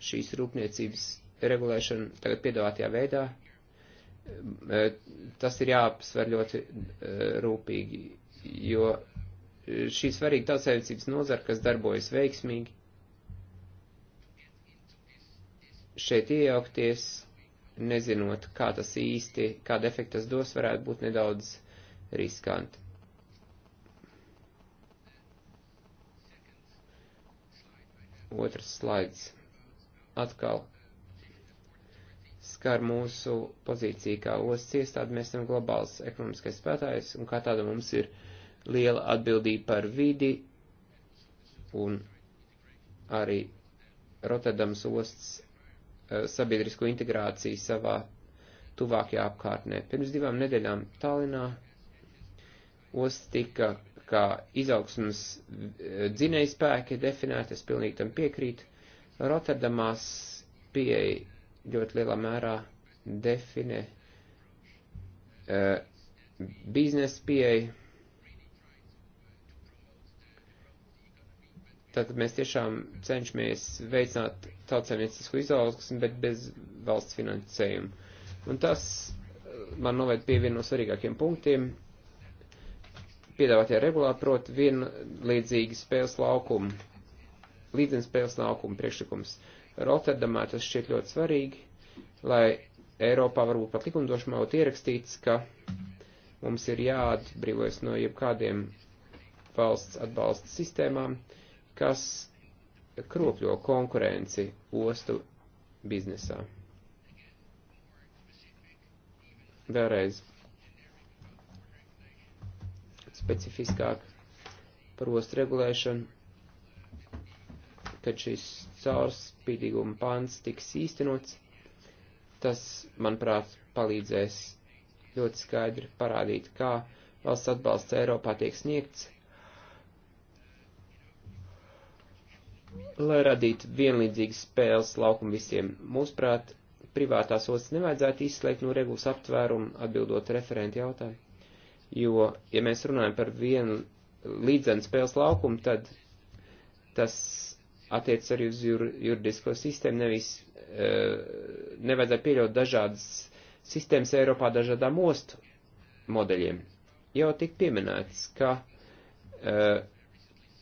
šīs rūpniecības regulēšana tagad piedāvātajā veidā, eh, tas ir jāapsver ļoti eh, rūpīgi, jo eh, šī svarīga tautsēmniecības nozara, kas darbojas veiksmīgi, šeit iejaukties, nezinot, kā tas īsti, kāda efekta tas dos, varētu būt nedaudz riskanti. Otrs slaids atkal skar mūsu pozīciju kā ostas iestādi. Mēs esam globāls ekonomiskais spētājs, un kā tāda mums ir liela atbildība par vidi un arī Rotterdams ostas eh, sabiedrisko integrāciju savā tuvākajā apkārtnē. Pirms divām nedēļām Tallinā osts tika kā izaugsmas eh, dzinēja spēki ir definēti, es pilnīgi tam piekrītu. Rotterdamās pieeja ļoti lielā mērā definē uh, eh, biznesa pieeja. Tātad mēs tiešām cenšamies veicināt tautsēmniecisku izaugsmu, bet bez valsts finansējumu. Un tas eh, man noved pie viena no svarīgākiem punktiem piedāvātajā regulā, proti vienlīdzīgi spēles laukumu, līdzien spēles laukumu priekšlikums. Rotterdamā tas šķiet ļoti svarīgi, lai Eiropā varbūt pat likumdošumā būtu ierakstīts, ka mums ir jāatbrīvojas no jebkādiem valsts atbalsta sistēmām, kas kropļo konkurenci ostu biznesā. Vēlreiz specifiskāk par ostu regulēšanu, kad šis caurspīdīguma pants tiks īstenots. Tas, manuprāt, palīdzēs ļoti skaidri parādīt, kā valsts atbalsts Eiropā tiek sniegts, lai radītu vienlīdzīgas spēles laukumu visiem. Mūsuprāt, privātās ostas nevajadzētu izslēgt no regulas aptvērumu, atbildot referentu jautājumu jo, ja mēs runājam par vienu līdzenu spēles laukumu, tad tas attiec arī uz jur, juridisko sistēmu, nevis e, nevajadzētu pieļaut dažādas sistēmas Eiropā dažādām ostu modeļiem. Jau tik pieminēts, ka e,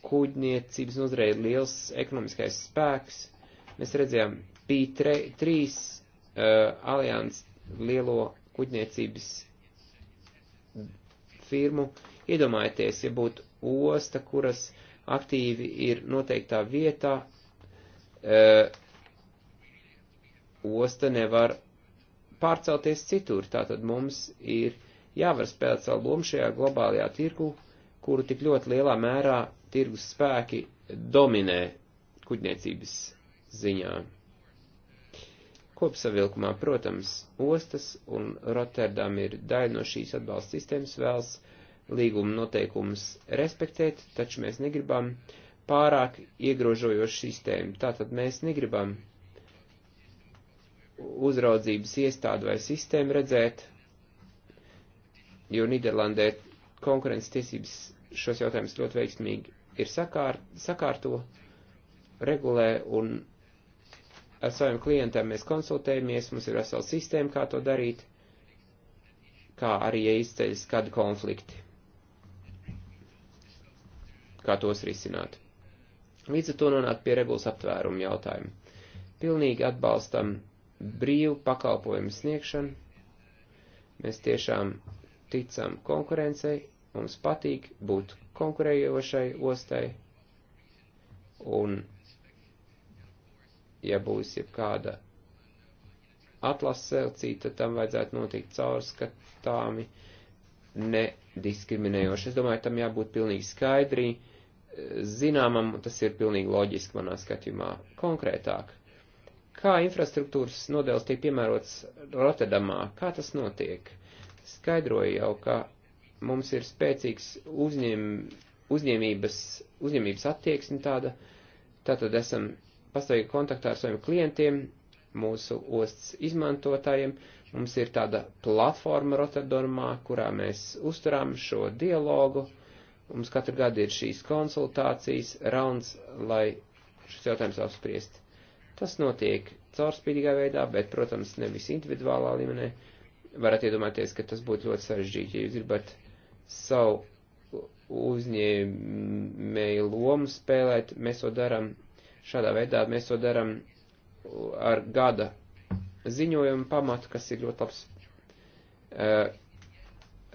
kuģniecības nozarē ir liels ekonomiskais spēks. Mēs redzējām, bija tre, trīs uh, alians lielo kuģniecības firmu. Iedomājieties, ja būtu osta, kuras aktīvi ir noteiktā vietā, e, osta nevar pārcelties citur. Tātad mums ir jāvar spēlēt savu lomu šajā globālajā tirgu, kuru tik ļoti lielā mērā tirgus spēki dominē kuģniecības ziņā. Kopsavilkumā, protams, ostas un Rotterdam ir daļa no šīs atbalsta sistēmas vēlas līguma noteikumus respektēt, taču mēs negribam pārāk iegrožojošu sistēmu. Tātad mēs negribam uzraudzības iestādi vai sistēmu redzēt, jo Nīderlandē konkurences tiesības šos jautājumus ļoti veiksmīgi ir sakār, sakārto, regulē un Ar saviem klientiem mēs konsultējamies, mums ir vesela sistēma, kā to darīt, kā arī, ja izceļas kādi konflikti, kā tos risināt. Līdz ar to nonāk pie regulas aptvērumu jautājumu. Pilnīgi atbalstam brīvu pakalpojumu sniegšanu. Mēs tiešām ticam konkurencei, mums patīk būt konkurējošai ostai, un ja būs jebkāda atlasēlcīta, tam vajadzētu notikt caurskatāmi, nediskriminējoši. Es domāju, tam jābūt pilnīgi skaidri, zināmam, tas ir pilnīgi loģiski manā skatījumā konkrētāk. Kā infrastruktūras nodēls tiek piemērots Rotterdamā, kā tas notiek? Skaidroju jau, ka mums ir spēcīgs uzņem, uzņēmības, uzņēmības attieksme tāda, tātad esam pastāvīgi kontaktā ar saviem klientiem, mūsu ostas izmantotājiem. Mums ir tāda platforma Rotterdamā, kurā mēs uzturām šo dialogu. Mums katru gadu ir šīs konsultācijas, rauns, lai šis jautājums apspriest. Tas notiek caurspīdīgā veidā, bet, protams, nevis individuālā līmenī. Varat iedomāties, ka tas būtu ļoti sarežģīti, ja jūs gribat savu uzņēmēju lomu spēlēt. Mēs to darām Šādā veidā mēs to darām ar gada ziņojumu pamatu, kas ir ļoti labs uh,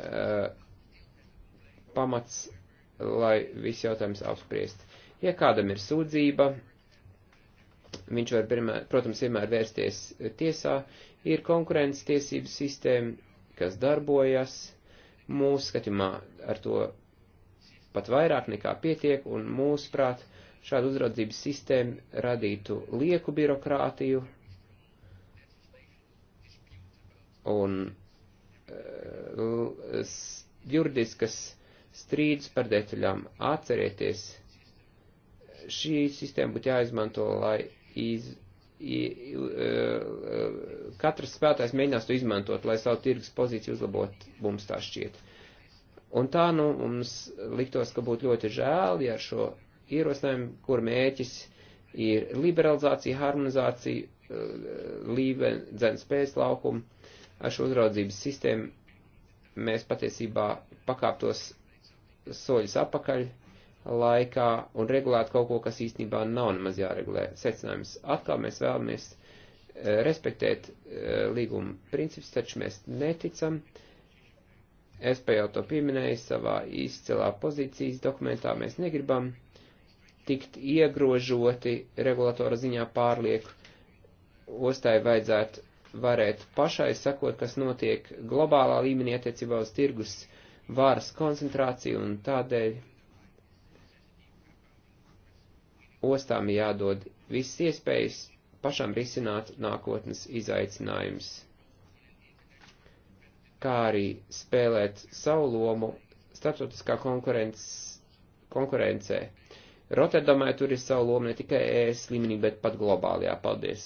uh, pamats, lai visi jautājums apspriest. Ja kādam ir sūdzība, viņš var, pirmā, protams, vienmēr vērsties tiesā, ir konkurences tiesības sistēma, kas darbojas, mūsu skatījumā ar to pat vairāk nekā pietiek, un mūsuprāt, Šāda uzraudzības sistēma radītu lieku birokrātiju un eh, juridiskas strīdus par detaļām. Atcerieties, šī sistēma būtu jāizmanto, lai iz, i, i, eh, katrs spēlētājs mēģinās to izmantot, lai savu tirgus pozīciju uzlabot, mums tā šķiet. Un tā nu mums liktos, ka būtu ļoti žēl, ja ar šo ierosinājumi, kur mēķis ir liberalizācija, harmonizācija, eh, līmeni, dzēns spējas laukumu. Ar šo uzraudzības sistēmu mēs patiesībā pakāptos soļus apakaļ laikā un regulētu kaut ko, kas īstenībā nav nemaz jāregulē. Secinājums atkal mēs vēlamies eh, respektēt eh, līguma principus, taču mēs neticam. Es pa jau to pieminēju savā izcelā pozīcijas dokumentā, mēs negribam uh, tikt iegrožoti regulatora ziņā pārlieku. Ostai vajadzētu varēt pašai sakot, kas notiek globālā līmenī attiecībā uz tirgus varas koncentrāciju un tādēļ ostām jādod viss iespējas pašam risināt nākotnes izaicinājumus, kā arī spēlēt savu lomu starptautiskā konkurencē Rotterdamai tur ir savu lomu ne tikai ES līmenī, bet pat globālajā. Paldies!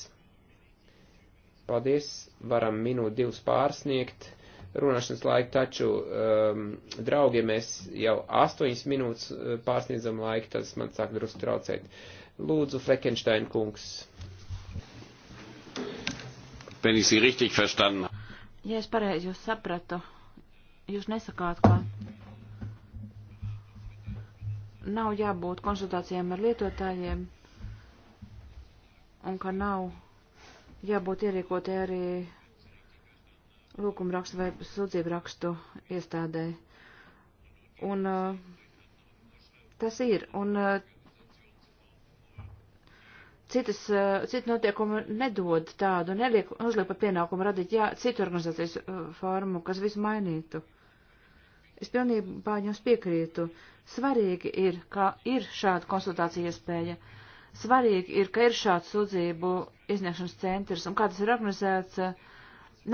Paldies! Varam minūti divus pārsniegt runāšanas laiku, taču, um, draugi, mēs jau astoņas minūtes uh, pārsniedzam laiku, tas man sāk drusku traucēt. Lūdzu, Fleckenstein kungs. Ja es pareizi jūs sapratu, jūs nesakāt, ka nav jābūt konsultācijām ar lietotājiem un ka nav jābūt ierīkotē arī lūkumrakstu vai sūdzību rakstu iestādē. Un uh, tas ir. Un uh, citas, uh, citi notiekumi nedod tādu, neliek, uzliek par pienākumu radīt jā, citu organizācijas uh, formu, kas visu mainītu. Es pilnībā jums piekrītu. Svarīgi ir, ka ir šāda konsultācija iespēja. Svarīgi ir, ka ir šāds sūdzību izniegšanas centrs un kā tas ir organizēts.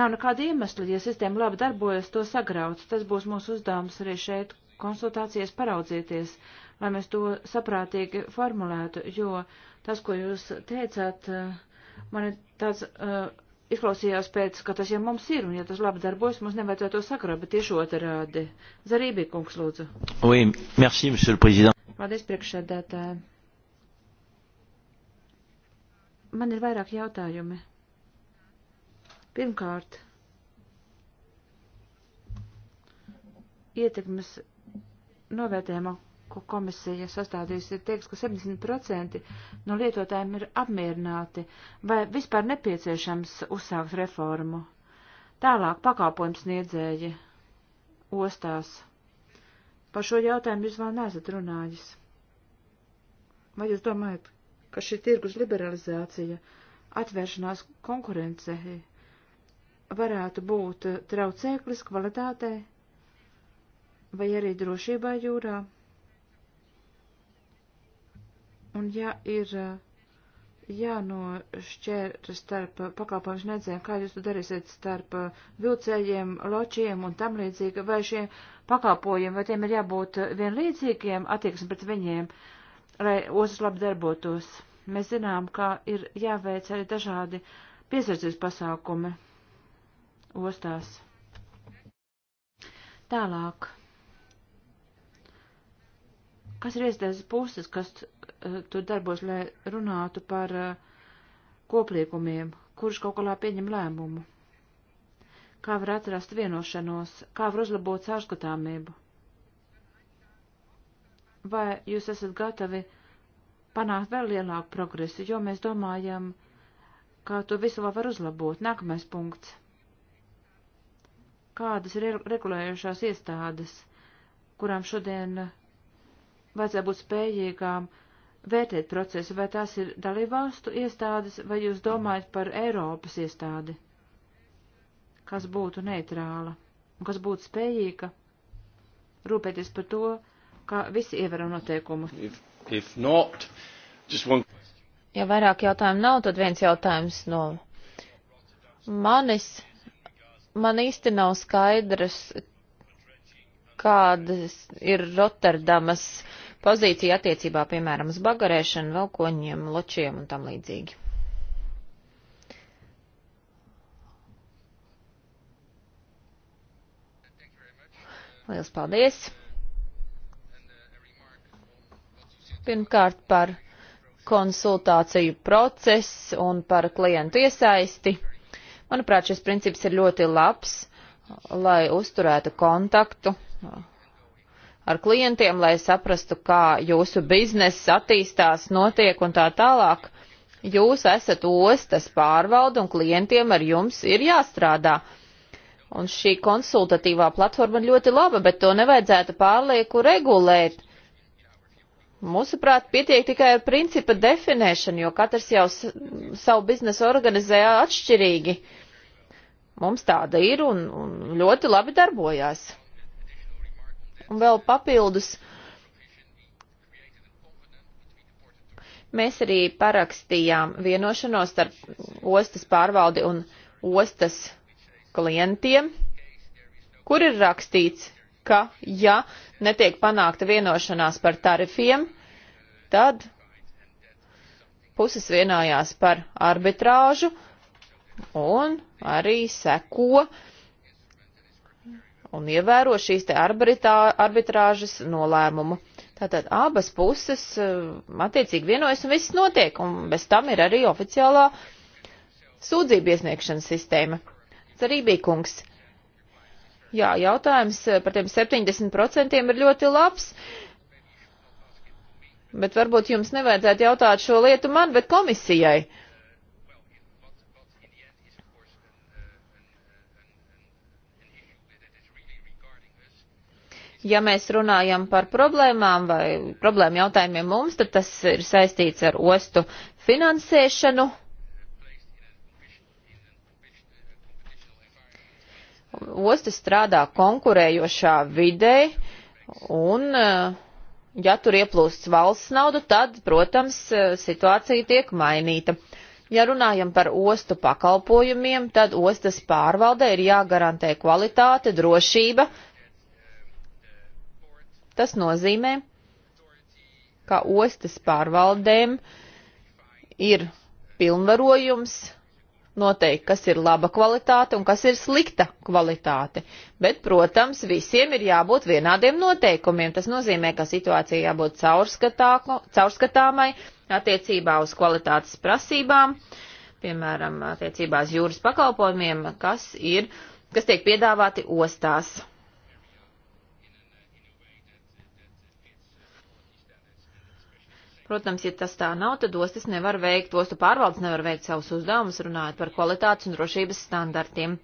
Nav nekāda iemesla, ja sistēma labi darbojas, to sagraut. Tas būs mūsu uzdevums arī šeit konsultācijas paraudzīties, lai mēs to saprātīgi formulētu, jo tas, ko jūs teicāt, man ir tāds uh, izklausījās pēc, ka tas jau mums ir, un ja tas labi darbojas, mums nevajadzētu to sakarā, bet tieši otrādi. Zarībī, kungs, lūdzu. Oui, merci, monsieur le président. Paldies, priekšsēdētāji. Man ir vairāk jautājumi. Pirmkārt, ietekmes novērtējuma ko komisija sastādījusi, ir teiks, ka 70% no lietotājiem ir apmierināti vai vispār nepieciešams uzsākt reformu. Tālāk pakalpojums sniedzēji ostās. Par šo jautājumu jūs vēl neesat runājis. Vai jūs domājat, ka šī tirgus liberalizācija, atvēršanās konkurencei varētu būt traucēklis kvalitātei vai arī drošībai jūrā? Un ja ir eh, jānošķēra starp pakalpojumu sniedzējiem, kā jūs to darīsiet starp eh, vilcējiem, ločiem un tam līdzīgi, vai šiem pakalpojumiem, vai tiem ir jābūt eh, vienlīdzīgiem attieksmi pret viņiem, lai osas labi darbotos. Mēs zinām, ka ir jāveic arī dažādi piesardzības pasākumi ostās. Tālāk. Kas ir iestādes puses, kas Eh, tur darbos, lai runātu par eh, kopliekumiem, kurš kaut kādā pieņem lēmumu. Kā var atrast vienošanos, kā var uzlabot sārskatāmību? Vai jūs esat gatavi panākt vēl lielāku progresu, jo mēs domājam, kā to visu vēl var uzlabot? Nākamais punkts. Kādas ir regulējušās iestādes, kurām šodien vajadzēja būt spējīgām uh, vērtēt procesu, vai tās ir dalībvalstu iestādes, vai jūs domājat par Eiropas iestādi, kas būtu neitrāla un kas būtu spējīga rūpēties par to, ka visi ievēro noteikumus. One... Ja vairāk jautājumu nav, tad viens jautājums no manis. Man īsti nav skaidrs, kādas ir Rotterdamas pozīciju attiecībā, piemēram, uz bagarēšanu, velkoņiem, ločiem un tam līdzīgi. Liels paldies! Pirmkārt par konsultāciju procesu un par klientu iesaisti. Manuprāt, šis princips ir ļoti labs, lai uzturētu kontaktu ar klientiem, lai saprastu, kā jūsu bizness attīstās, notiek un tā tālāk. Jūs esat ostas pārvalde un klientiem ar jums ir jāstrādā. Un šī konsultatīvā platforma ir ļoti laba, bet to nevajadzētu pārlieku regulēt. Mūsuprāt, pietiek tikai ar principa definēšanu, jo katrs jau savu biznesu organizē atšķirīgi. Mums tāda ir un, un ļoti labi darbojās. Un vēl papildus. Mēs arī parakstījām vienošanos starp ostas pārvaldi un ostas klientiem, kur ir rakstīts, ka ja netiek panākta vienošanās par tarifiem, tad puses vienojās par arbitrāžu un arī seko uh, un ievēro šīs te arbitā, arbitrāžas nolēmumu. Tātad abas puses eh, attiecīgi vienojas un viss notiek, un bez tam ir arī oficiālā sūdzību iesniegšanas sistēma. Cerībī kungs. Jā, jautājums eh, par tiem 70% ir ļoti labs, bet varbūt jums nevajadzētu jautāt šo lietu man, bet komisijai. Uh, ja mēs runājam par problēmām vai problēmu jautājumiem mums, tad tas ir saistīts ar ostu finansēšanu. Osta strādā konkurējošā vidē, un eh, ja tur ieplūsts valsts naudu, tad, protams, eh, situācija tiek mainīta. Ja runājam par ostu pakalpojumiem, tad ostas pārvaldē ir jāgarantē kvalitāte, drošība, Tas nozīmē, ka ostas pārvaldēm ir pilnvarojums noteikt, kas ir laba kvalitāte un kas ir slikta kvalitāte. Bet, protams, visiem ir jābūt vienādiem noteikumiem. Tas nozīmē, ka situācija jābūt caurskatāmai attiecībā uz kvalitātes prasībām, piemēram, attiecībā uz jūras pakalpojumiem, kas ir, kas tiek piedāvāti ostās. Protams, ja tas tā nav, tad ostas nevar veikt, ostu pārvaldes nevar veikt savus uzdevumus, runājot par kvalitātes un drošības standartiem.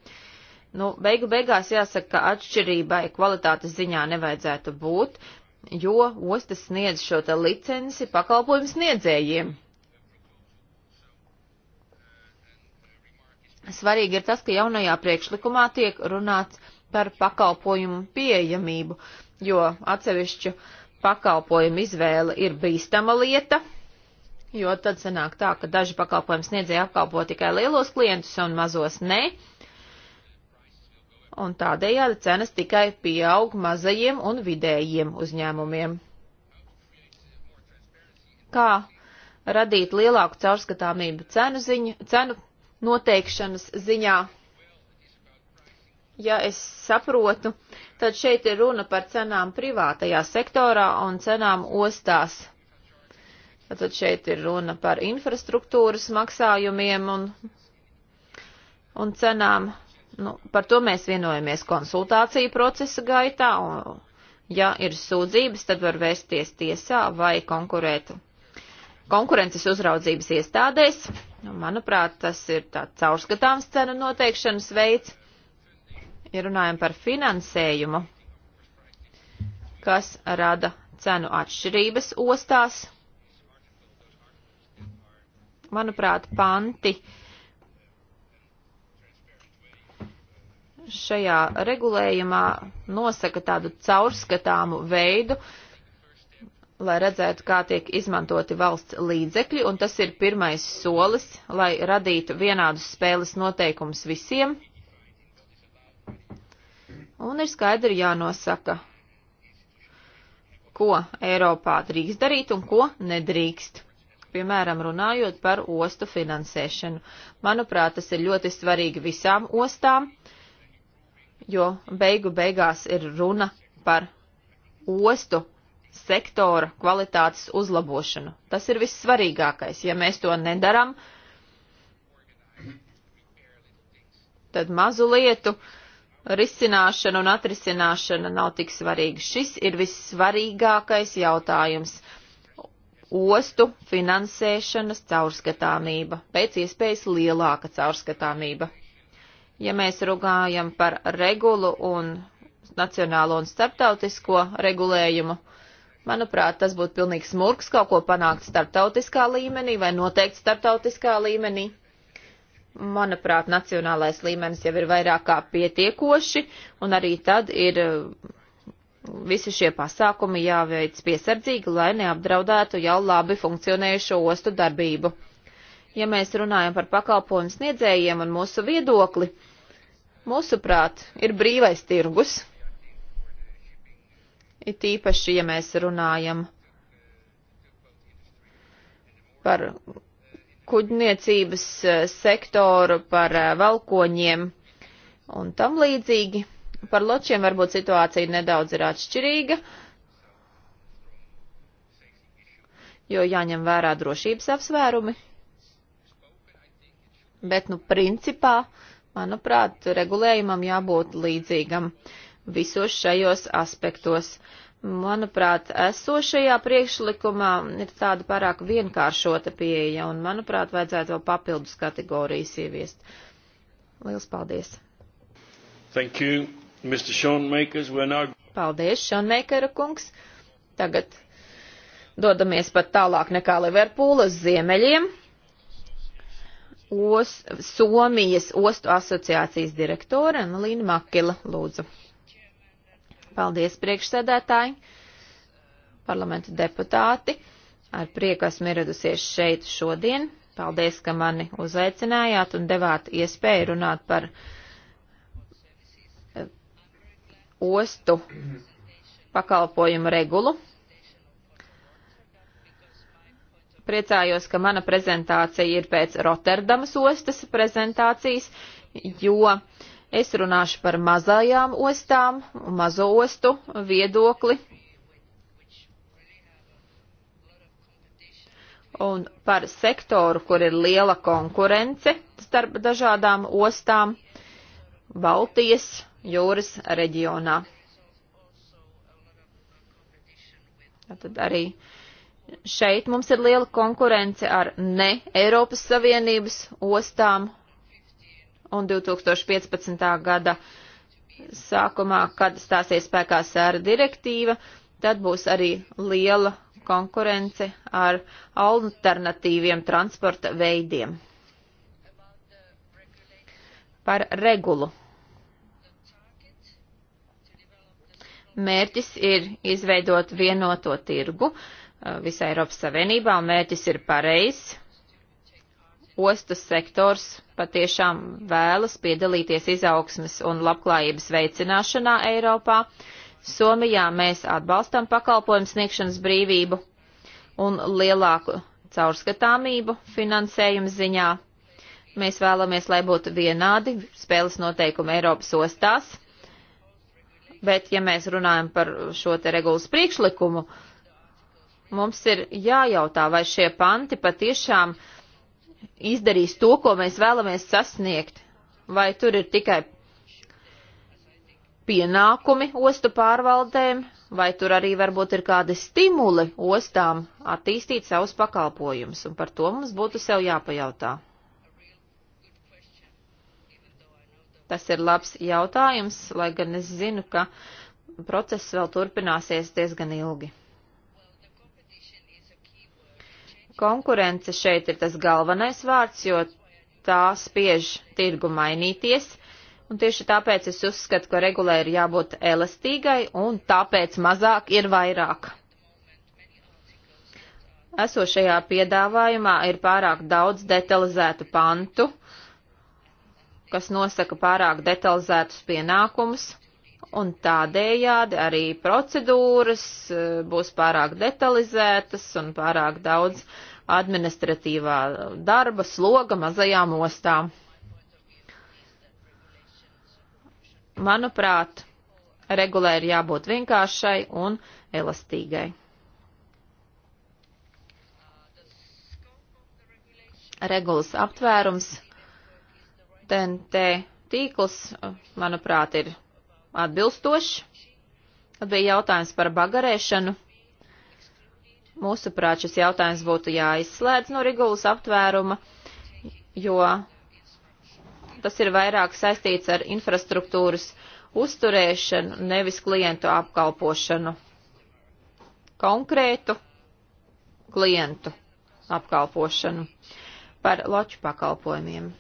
Nu, beigu beigās jāsaka, ka atšķirībai kvalitātes ziņā nevajadzētu būt, jo ostas sniedz šo te licenci pakalpojumu sniedzējiem. Svarīgi ir tas, ka jaunajā priekšlikumā tiek runāts par pakalpojumu pieejamību, jo atsevišķu uh, pakalpojumu izvēle ir bīstama lieta, jo tad sanāk tā, ka daži pakalpojumu sniedzēji apkalpo tikai lielos klientus un mazos ne. Un tādējādi cenas tikai pieaug mazajiem un vidējiem uzņēmumiem. Kā radīt lielāku caurskatāmību cenu, ziņu, cenu noteikšanas ziņā? ja es saprotu, tad šeit ir runa par cenām privātajā sektorā un cenām ostās. Tad šeit ir runa par infrastruktūras maksājumiem un, un cenām. Nu, par to mēs vienojamies konsultāciju procesa gaitā, un ja ir sūdzības, tad var vērsties tiesā vai konkurēt konkurences uzraudzības iestādēs. Nu, manuprāt, tas ir tāds caurskatāms cenu noteikšanas veids ja runājam par finansējumu, kas rada cenu atšķirības ostās, manuprāt, panti šajā regulējumā nosaka tādu caurskatāmu veidu, lai redzētu, kā tiek izmantoti valsts līdzekļi, un tas ir pirmais solis, lai radītu vienādus spēles noteikumus visiem un ir skaidri jānosaka, ko Eiropā drīkst darīt un ko nedrīkst. Piemēram, runājot par ostu finansēšanu. Manuprāt, tas ir ļoti svarīgi visām ostām, jo beigu beigās ir runa par ostu sektora kvalitātes uzlabošanu. Tas ir vissvarīgākais. Ja mēs to nedaram, tad mazu lietu uh, risināšana un atrisināšana nav tik svarīga. Šis ir vissvarīgākais jautājums - ostu finansēšanas caurskatāmība, pēc iespējas lielāka caurskatāmība. Ja mēs runājam par regulu un nacionālo un starptautisko regulējumu, manuprāt, tas būtu pilnīgs smurks kaut ko panākt starptautiskā līmenī vai noteikt starptautiskā līmenī manuprāt, nacionālais līmenis jau ir vairāk kā pietiekoši, un arī tad ir uh, visi šie pasākumi jāveic piesardzīgi, lai neapdraudētu jau labi funkcionējušo ostu darbību. Ja mēs runājam par pakalpojumu sniedzējiem un mūsu viedokli, mūsuprāt, ir brīvais tirgus. It īpaši, ja mēs runājam par kuģniecības e, sektoru, par e, valkoņiem un tam līdzīgi. Par ločiem varbūt situācija nedaudz ir atšķirīga, jo jāņem vērā drošības apsvērumi. Bet, nu, principā, manuprāt, regulējumam jābūt līdzīgam visos šajos aspektos. Uh, Manuprāt, esošajā priekšlikumā ir tāda pārāk vienkāršota pieeja, un, manuprāt, vajadzētu vēl papildus kategorijas ieviest. Lielas paldies! Thank you, Mr. Šonmakers. Now... Paldies, Šonmakera kungs. Tagad dodamies pat tālāk nekā Liverpūles ziemeļiem. Os, Somijas ostu asociācijas direktore Anna Līna Makila, lūdzu. Paldies, priekšsēdētāji, parlamenta deputāti. Ar prieku esmu ieradusies šeit šodien. Paldies, ka mani uzaicinājāt un devāt iespēju runāt par eh, ostu pakalpojumu regulu. Priecājos, ka mana prezentācija ir pēc Rotterdamas ostas prezentācijas, jo uh, Es runāšu par mazajām ostām, mazo ostu viedokli un par sektoru, kur ir liela konkurence starp dažādām ostām Baltijas jūras reģionā. Tad arī šeit mums ir liela konkurence ar ne Eiropas Savienības ostām un 2015. gada sākumā, kad stāsies spēkā sēra direktīva, tad būs arī liela konkurence ar alternatīviem transporta veidiem. Par regulu. Mērķis ir izveidot vienoto tirgu uh, visā Eiropas Savienībā, un mērķis ir pareizs ostas sektors patiešām vēlas piedalīties izaugsmes un labklājības veicināšanā Eiropā. Somijā mēs atbalstam pakalpojumu sniegšanas brīvību un lielāku caurskatāmību finansējuma ziņā. Mēs vēlamies, lai būtu vienādi spēles noteikumi Eiropas ostās, bet ja mēs runājam par šo te regulas priekšlikumu, mums ir jājautā, vai šie panti patiešām uh, izdarīs to, ko mēs vēlamies sasniegt? Vai tur ir tikai pienākumi ostu pārvaldēm, vai tur arī varbūt ir kādi stimuli ostām attīstīt savus pakalpojumus, un par to mums būtu sev jāpajautā. Tas ir labs jautājums, lai gan es zinu, ka process vēl turpināsies diezgan ilgi. Konkurence šeit ir tas galvenais vārds, jo tā spiež tirgu mainīties, un tieši tāpēc es uzskatu, ka regulē ir jābūt elastīgai, un tāpēc mazāk ir vairāk. Esošajā piedāvājumā ir pārāk daudz detalizētu pantu, kas nosaka pārāk detalizētus pienākumus un tādējādi arī procedūras eh, būs pārāk detalizētas un pārāk daudz administratīvā darba sloga mazajām ostām. Manuprāt, regulē ir jābūt vienkāršai un elastīgai. Regulas aptvērums TNT tīkls, manuprāt, ir atbilstošs. Tad bija jautājums par bagarēšanu. Mūsuprāt, šis jautājums būtu jāizslēdz no Rigulas aptvēruma, jo tas ir vairāk saistīts ar infrastruktūras uzturēšanu, nevis klientu apkalpošanu. Konkrētu klientu apkalpošanu par loķu pakalpojumiem.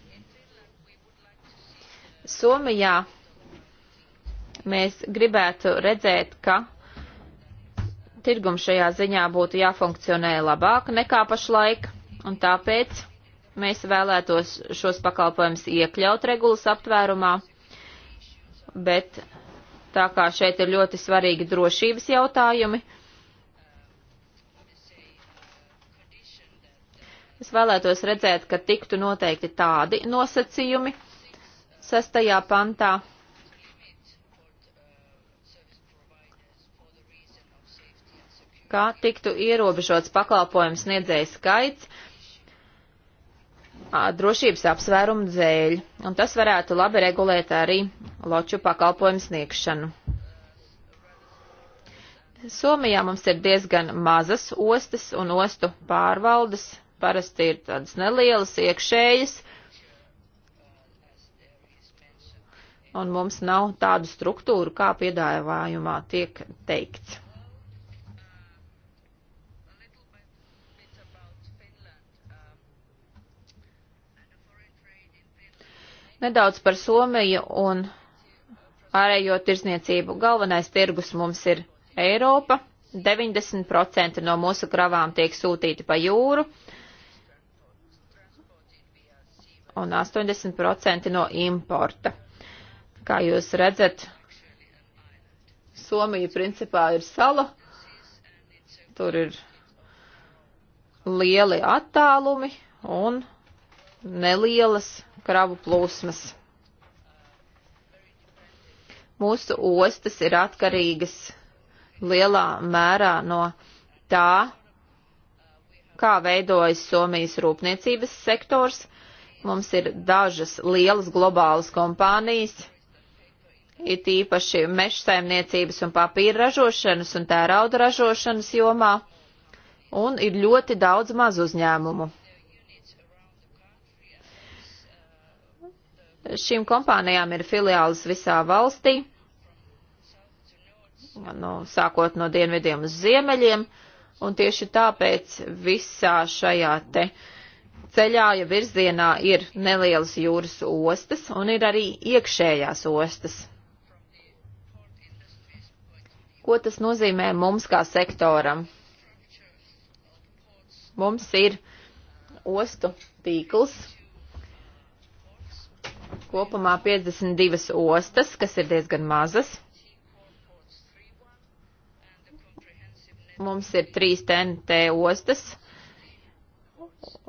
Somijā Mēs gribētu redzēt, ka tirgum šajā ziņā būtu jāfunkcionē labāk nekā pašlaik, un tāpēc mēs vēlētos šos pakalpojumus iekļaut regulas aptvērumā, bet tā kā šeit ir ļoti svarīgi drošības jautājumi, es vēlētos redzēt, ka tiktu noteikti tādi nosacījumi sastajā pantā kā tiktu ierobežots pakalpojums niedzēja skaits drošības apsvērumu dēļ, un tas varētu labi regulēt arī loču pakalpojumu sniegšanu. Somijā mums ir diezgan mazas ostas un ostu pārvaldes, parasti ir tādas nelielas iekšējas, un mums nav tādu struktūru, kā piedāvājumā tiek teikts. Nedaudz par Somiju un ārējo tirzniecību. Galvenais tirgus mums ir Eiropa. 90% no mūsu kravām tiek sūtīti pa jūru un 80% no importa. Kā jūs redzat, Somija principā ir sala. Tur ir lieli attālumi un nelielas kravu plūsmas. Mūsu ostas ir atkarīgas lielā mērā no tā, kā veidojas Somijas rūpniecības sektors. Mums ir dažas lielas globālas kompānijas, it īpaši meža saimniecības un papīra ražošanas un tērauda ražošanas jomā, un ir ļoti daudz mazu uzņēmumu. Šīm kompānijām ir filiāls visā valstī, no, nu, sākot no dienvidiem uz ziemeļiem, un tieši tāpēc visā šajā te ceļā, ja virzienā ir nelielas jūras ostas un ir arī iekšējās ostas. Ko tas nozīmē mums kā sektoram? Mums ir ostu tīkls, kopumā 52 ostas, kas ir diezgan mazas. Mums ir 3 TNT ostas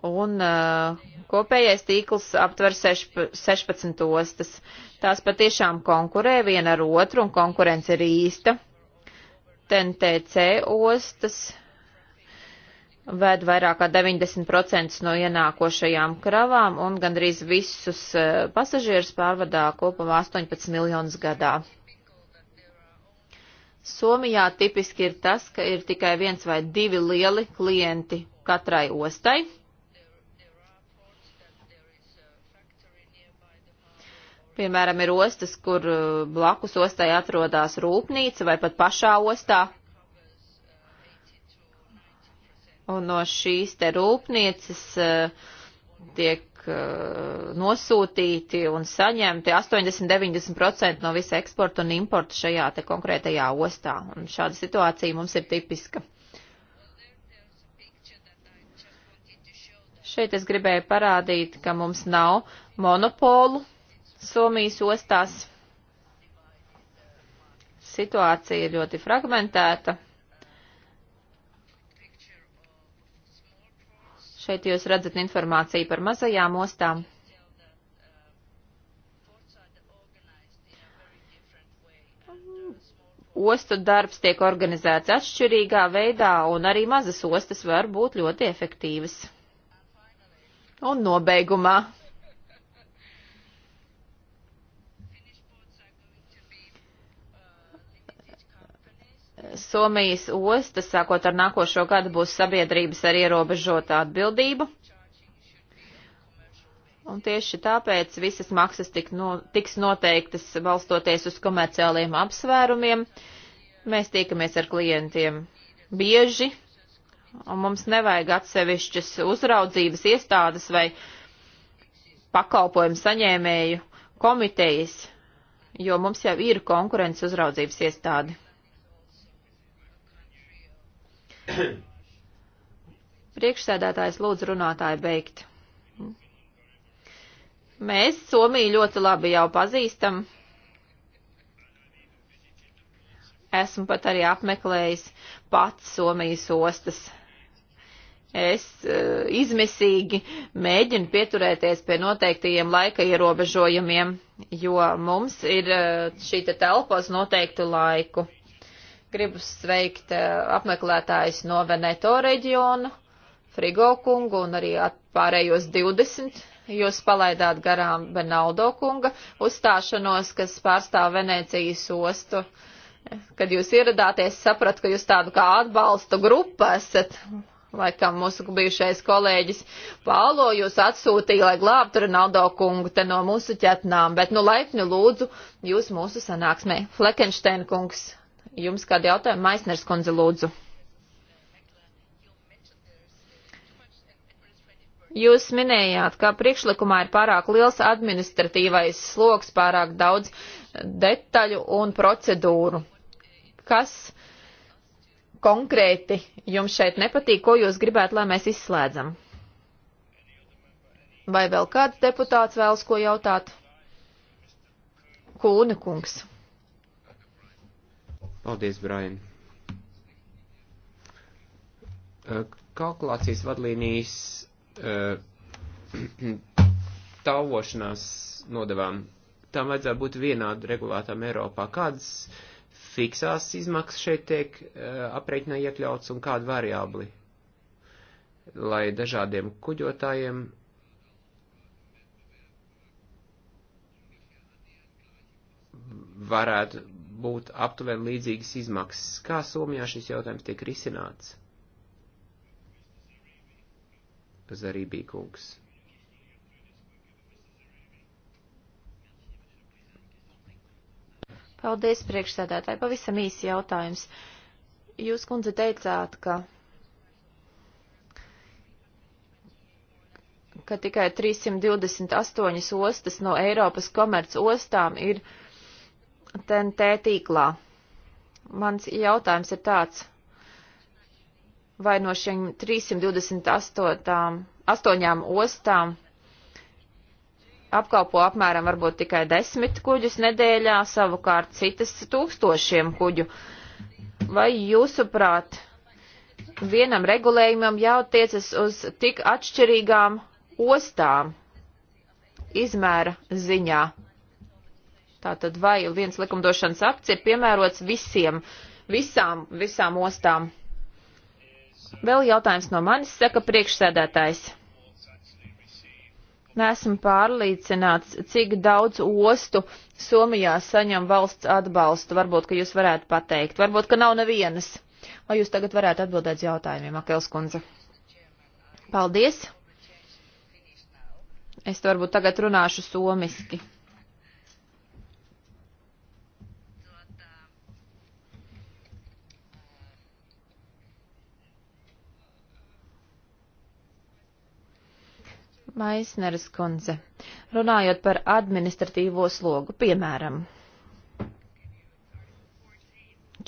un uh, kopējais tīkls aptver 16 ostas. Tās patiešām konkurē viena ar otru un konkurence ir īsta. TNTC ostas ved vairāk kā 90% no ienākošajām kravām un gandrīz visus eh, pasažierus pārvadā kopumā 18 miljonus gadā. Somijā tipiski ir tas, ka ir tikai viens vai divi lieli klienti katrai ostai. Piemēram, ir ostas, kur eh, blakus ostai atrodas rūpnīca vai pat pašā ostā un no šīs te rūpnieces eh, tiek eh, nosūtīti un saņemti 80-90% no visa eksporta un importa šajā te konkrētajā ostā. Un šāda situācija mums ir tipiska. Šeit es gribēju parādīt, ka mums nav monopolu Somijas ostās. Situācija ir ļoti fragmentēta. Šeit jūs redzat informāciju par mazajām ostām. Ostu darbs tiek organizēts atšķirīgā veidā, un arī mazas ostas var būt ļoti efektīvas. Un nobeigumā Somijas ostas, sākot ar nākošo gadu, būs sabiedrības ar ierobežotu atbildību. Un tieši tāpēc visas maksas tik no, tiks noteiktas balstoties uz komerciāliem apsvērumiem. Mēs tiekamies ar klientiem bieži, un mums nevajag atsevišķas uzraudzības iestādes vai pakalpojumu saņēmēju komitejas, jo mums jau ir konkurences uzraudzības iestādi. [coughs] Priekšsēdētājs lūdzu runātāju beigt. Mēs Somiju ļoti labi jau pazīstam. Esmu pat arī apmeklējis pats Somijas ostas. Es uh, izmisīgi mēģinu pieturēties pie noteiktajiem laika ierobežojumiem, jo mums ir uh, šī te telpas noteiktu laiku. Gribu sveikt eh, apmeklētājs no Veneto reģiona, Frigo kungu un arī pārējos 20. Jūs palaidāt garām Benaldo kunga uzstāšanos, kas pārstāv Venēcijas ostu. Kad jūs ieradāties, sapratu, ka jūs tādu kā atbalsta grupa esat laikam mūsu bijušais kolēģis Paulo jūs atsūtīja, lai glābtu Ronaldo kungu te no mūsu ķetnām, bet nu laipni lūdzu jūs mūsu sanāksmē. Flekenšteina kungs, Jums kādi jautājumi? Maisners kundze lūdzu. Jūs minējāt, ka priekšlikumā ir pārāk liels administratīvais sloks, pārāk daudz detaļu un procedūru. Kas konkrēti jums šeit nepatīk, ko jūs gribētu, lai mēs izslēdzam? Vai vēl kāds deputāts vēlas ko jautāt? Kūna kungs. Paldies, Brian. Kalkulācijas vadlīnijas tauvošanās [clears throat] nodevām. Tām vajadzētu būt vienādu regulātām Eiropā. Kādas fiksās izmaksas šeit tiek apreikinā iekļauts un kādi variabli? Lai dažādiem kuģotājiem varētu būt aptuveni līdzīgas izmaksas. Kā Somijā šis jautājums tiek risināts? Zarībī kungs. Paldies, priekšsēdētāji. Pavisam īsi jautājums. Jūs, kundze, teicāt, ka, ka tikai 328 ostas no Eiropas komerc ostām ir uh, TNT tīklā. Mans jautājums ir tāds, vai no šiem 328 astoņām ostām apkalpo apmēram varbūt tikai desmit kuģus nedēļā, savukārt citas tūkstošiem kuģu. Vai jūsuprāt, vienam regulējumam jātiecas uz tik atšķirīgām ostām izmēra ziņā? Tātad vai viens likumdošanas akts ir piemērots visiem, visām, visām ostām? Vēl jautājums no manis, saka priekšsēdētājs. Nesmu pārliecināts, cik daudz ostu Somijā saņem valsts atbalstu. Varbūt, ka jūs varētu pateikt. Varbūt, ka nav nevienas. Vai jūs tagad varētu atbildēt jautājumiem, Akels kundze? Paldies! Es varbūt tagad runāšu somiski. Maisneres kundze, runājot par administratīvo slogu, piemēram,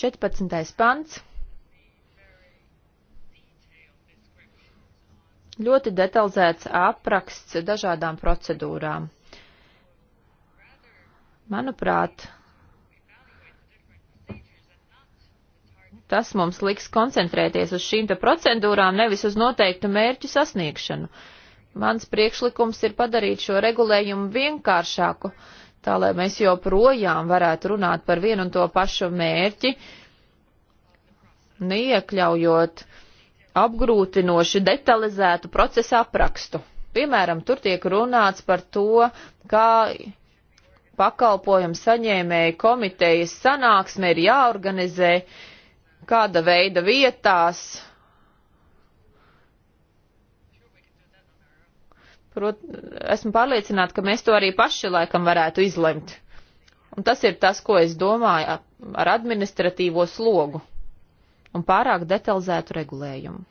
14. pants. Ļoti detalizēts apraksts dažādām procedūrām. Manuprāt, tas mums liks koncentrēties uz šīm te procedūrām, nevis uz noteiktu mērķu sasniegšanu. Uh, Mans priekšlikums ir padarīt šo regulējumu vienkāršāku, tā lai mēs joprojām varētu runāt par vienu un to pašu mērķi, neiekļaujot apgrūtinoši detalizētu procesa aprakstu. Piemēram, tur tiek runāts par to, kā pakalpojumu saņēmēju komitejas sanāksme ir jāorganizē, kāda veida vietās, Prot, esmu pārliecināta, ka mēs to arī paši laikam varētu izlemt. Un tas ir tas, ko es domāju ar administratīvo slogu un pārāk detalizētu regulējumu.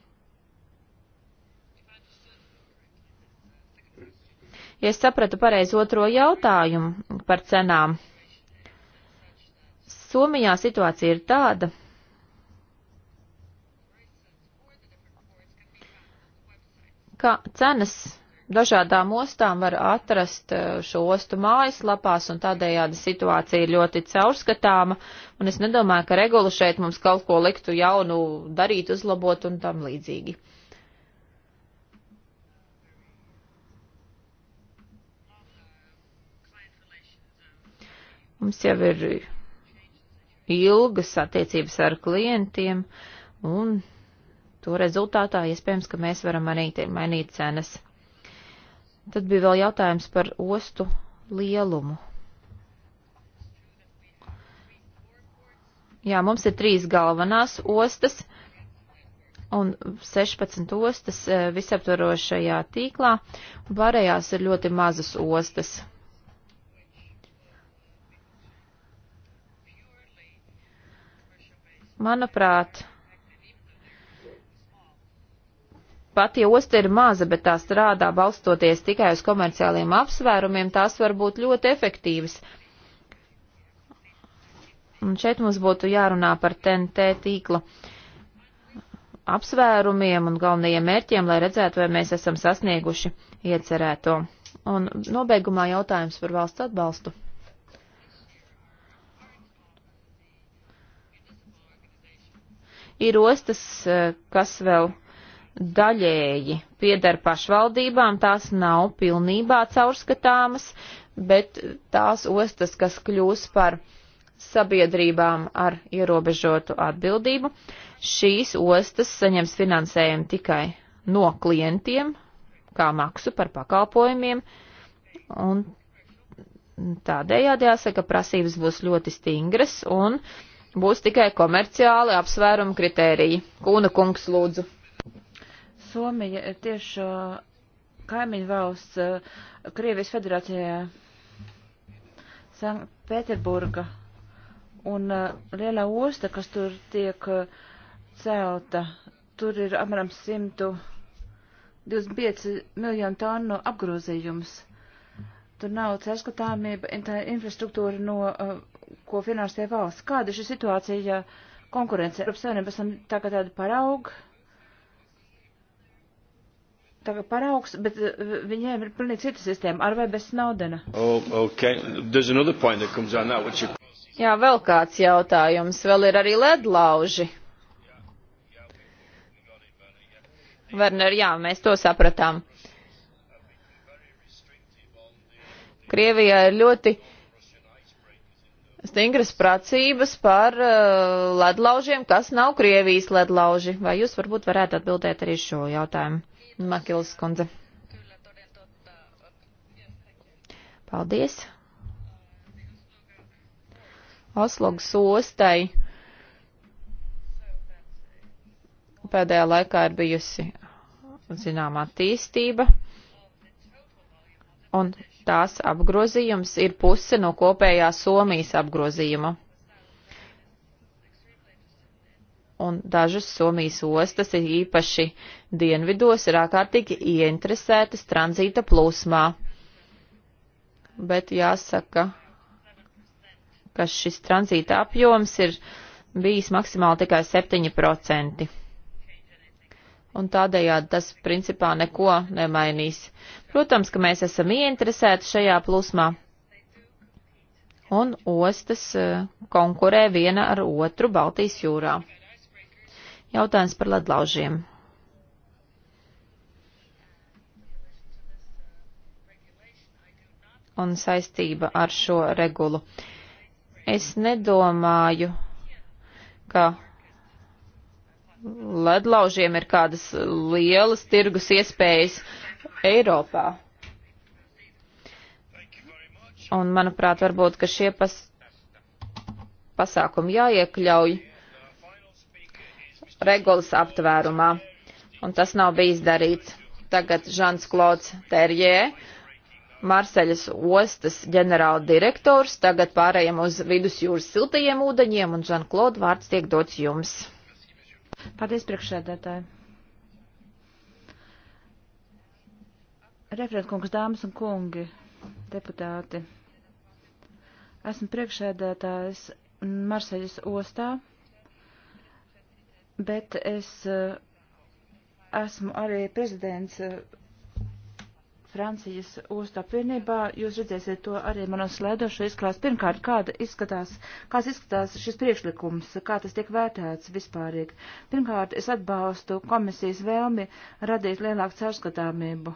Ja es sapratu pareizi otro jautājumu par cenām, Somijā situācija ir tāda, ka cenas dažādām ostām var atrast eh, šo ostu mājaslapās, un tādējādi situācija ir ļoti caurskatāma, un es nedomāju, ka regula šeit mums kaut ko liktu jaunu darīt, uzlabot un tam līdzīgi. Mums jau ir ilgas attiecības ar klientiem, un to rezultātā iespējams, ka mēs varam arī mainīt cenas. Tad bija vēl jautājums par ostu lielumu. Jā, mums ir trīs galvenās ostas un 16 ostas e, visaptvarošajā tīklā, un pārējās ir ļoti mazas ostas. Manuprāt, Pat ja osta ir maza, bet tā strādā balstoties tikai uz komerciāliem apsvērumiem, tās var būt ļoti efektīvas. Un šeit mums būtu jārunā par TNT tīkla apsvērumiem un galvenajiem mērķiem, lai redzētu, vai mēs esam sasnieguši iecerēto. Un nobeigumā jautājums par valsts atbalstu. Ir ostas, eh, kas vēl daļēji piedar pašvaldībām, tās nav pilnībā caurskatāmas, bet tās ostas, kas kļūs par sabiedrībām ar ierobežotu atbildību, šīs ostas saņems finansējumu tikai no klientiem, kā maksu par pakalpojumiem, un tādējādi jāsaka, prasības būs ļoti stingras un būs tikai komerciāli apsvērumu kritēriji. Kūna kungs lūdzu. Somija ir tieši uh, kaimiņu valsts uh, Krievijas federācijā Sanktpēterburga un uh, lielā osta, kas tur tiek celta, tur ir apmēram 125 miljonu tonu apgrozījums. Tur nav caurskatāmība, tā infrastruktūra, no, ko finansē valsts. Kāda ir šī situācija konkurence? Eiropas Savienība esam tagad tāda parauga tā kā paraugs, bet eh, viņiem ir pilnīgi cita sistēma, ar vai bez Snowdena. Oh, okay. now, you... Jā, vēl kāds jautājums, vēl ir arī ledlauži. Werner, jā, mēs to sapratām. Krievijā ir ļoti stingras pracības par uh, eh, ledlaužiem, kas nav Krievijas ledlauži. Vai jūs varbūt varētu atbildēt arī šo jautājumu? Makilas kundze. Paldies. Oslogas ostai pēdējā laikā ir bijusi zināmā attīstība, un tās apgrozījums ir puse no kopējā Somijas apgrozījuma. un dažas Somijas ostas, īpaši dienvidos, ir ārkārtīgi ieinteresētas tranzīta plūsmā. Bet jāsaka, ka šis tranzīta apjoms ir bijis maksimāli tikai 7%. Un tādējādi tas principā neko nemainīs. Protams, ka mēs esam ieinteresēti šajā plūsmā. Un ostas eh, konkurē viena ar otru Baltijas jūrā. Jautājums par ledlaužiem. Un saistība ar šo regulu. Es nedomāju, ka ledlaužiem ir kādas lielas tirgus iespējas Eiropā. Un, manuprāt, varbūt, ka šie pas pasākumi jāiekļauj regulas aptvērumā, un tas nav bijis darīts. Tagad Žans Klods Terjē, Marseļas ostas ģenerāldirektors, tagad pārējiem uz vidusjūras siltajiem ūdeņiem, un Žan Klod vārds tiek dots jums. Paldies, priekšsēdētāji. Referentkungs, dāmas un kungi, deputāti. Esmu priekšsēdētājs Marseļas ostā bet es eh, esmu arī prezidents eh, Francijas ostu apvienībā. Jūs redzēsiet to arī manos slēdos šo izklās. Pirmkārt, kāda izskatās, kāds izskatās šis priekšlikums, kā tas tiek vērtēts vispārīgi. Pirmkārt, es atbalstu komisijas vēlmi radīt lielāku caurskatāmību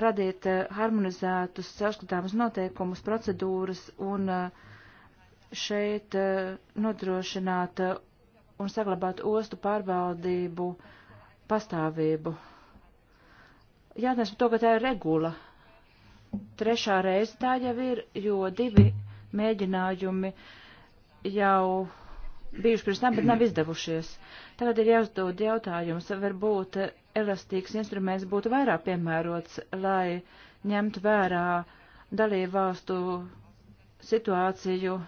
radīt eh, harmonizētus, caurskatāmus noteikumus, procedūras un šeit nodrošināt un saglabāt ostu pārvaldību pastāvību. Jātājums par to, ka tā ir regula. Trešā reize tā jau ir, jo divi mēģinājumi jau bijuši pirms tam, bet nav izdevušies. Tagad ir jāuzdod jautājums, varbūt elastīgs instruments būtu vairāk piemērots, lai ņemtu vērā dalībvalstu situāciju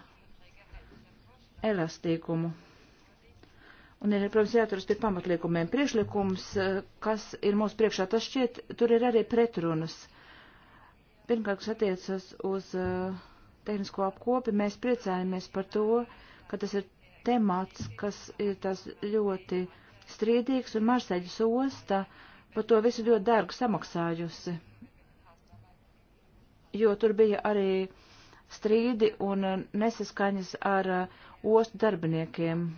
elastīgumu. Un ir, protams, jāturas pie pamatliekumiem. Priekšlikums, eh, kas ir mūsu priekšā, tas šķiet, tur ir arī pretrunas. Pirmkārt, kas attiecas uz uh, tehnisko apkopi, mēs priecājamies par to, ka tas ir temats, kas ir tas ļoti strīdīgs, un Marseļas osta par to visu ļoti dārgu samaksājusi. Jo tur bija arī strīdi un eh, nesaskaņas ar uh, ostu darbiniekiem.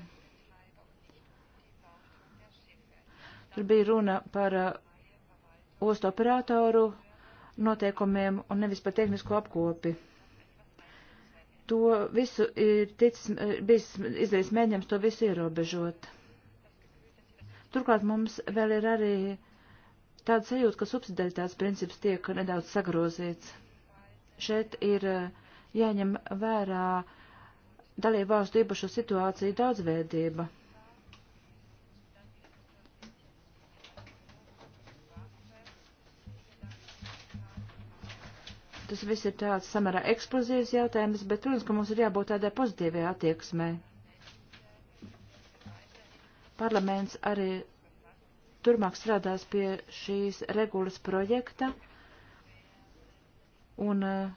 Tur bija runa par uh, ostu operatoru noteikumiem un nevis par tehnisko apkopi. To visu ir ticis, uh, bijis izdarīts mēģinājums to visu ierobežot. Turklāt mums vēl ir arī tāda sajūta, ka subsidaritātes princips tiek nedaudz sagrozīts. Šeit ir uh, jāņem vērā dalību valstu īpašo situāciju daudzveidība. Tas viss ir tāds samērā eksplozīvs jautājums, bet, protams, ka mums ir jābūt tādai pozitīvai attieksmē. Parlaments arī turmāk strādās pie šīs regulas projekta un eh,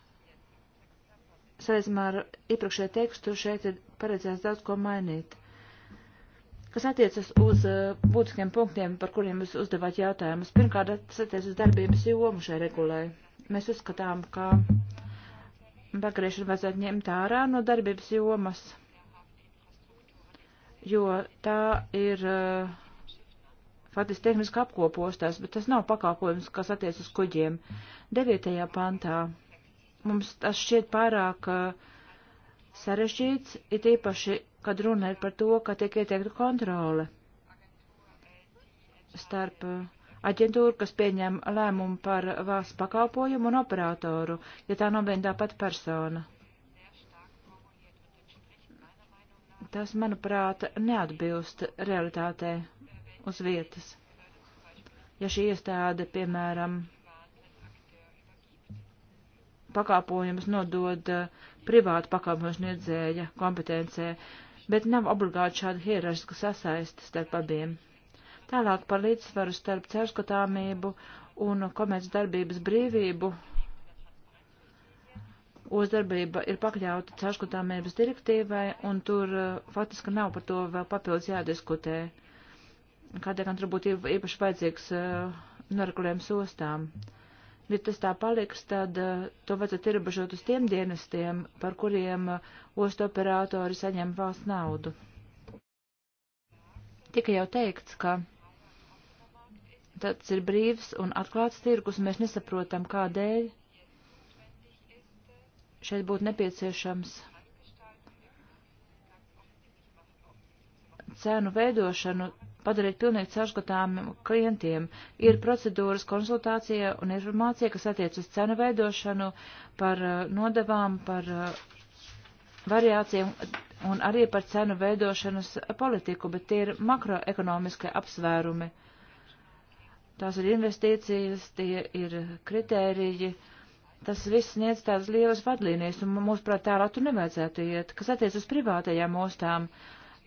saistībā ar iepriekšēju tekstu šeit ir paredzēts daudz ko mainīt. Kas attiecas uz eh, būtiskiem punktiem, par kuriem jūs uzdevāt jautājumus, pirmkārt, tas attiecas uz darbības jomu šai regulai. Mēs uzskatām, ka bagarēšanu vajadzētu ņemt ārā no darbības jomas, jo tā ir eh, faktiski tehniski apkopostas, bet tas nav pakalpojums, kas attiec uz kuģiem. 9. pantā mums tas šķiet pārāk eh, sarežģīts, it īpaši, kad runa ir par to, ka tiek ieteikta kontrole starp uh, aģentūru, kas pieņem lēmumu par valsts pakalpojumu un operatoru, ja tā nav vien tā pati persona. Tas, manuprāt, neatbilst realitātei uz vietas. Ja šī iestāde, piemēram, pakāpojumus nodod eh, privātu pakāpojumu sniedzēja kompetencē, bet nav obligāti šāda hierarhiska sasaiste starp abiem. Tālāk par līdzsvaru starp cērskotāmību un komerces darbības brīvību. Ozdarbība ir pakļauta cērskotāmības direktīvai, un tur uh, faktiski nav par to vēl papildus jādiskutē. Kādēļ gan tur būtu īpaši vajadzīgs uh, noregulējums ostām? Ja tas tā paliks, tad uh, to vajadzētu ierobežot uz tiem dienestiem, par kuriem uh, ostu operatori saņem valsts naudu. Tika jau teikts, ka tas ir brīvs un atklāts tirgus, un mēs nesaprotam, kādēļ šeit būtu nepieciešams cēnu veidošanu padarīt pilnīgi caurskatāmiem klientiem. Ir procedūras konsultācija un informācija, kas attiec uz cenu veidošanu par uh, nodevām, par uh, variācijām un arī par cenu veidošanas politiku, bet tie ir makroekonomiskie apsvērumi tās ir investīcijas, tie ir kritēriji. Tas viss sniedz tās lielas vadlīnijas, un mūsuprāt tālā tur nevajadzētu iet. Kas attiec uz privātajām ostām,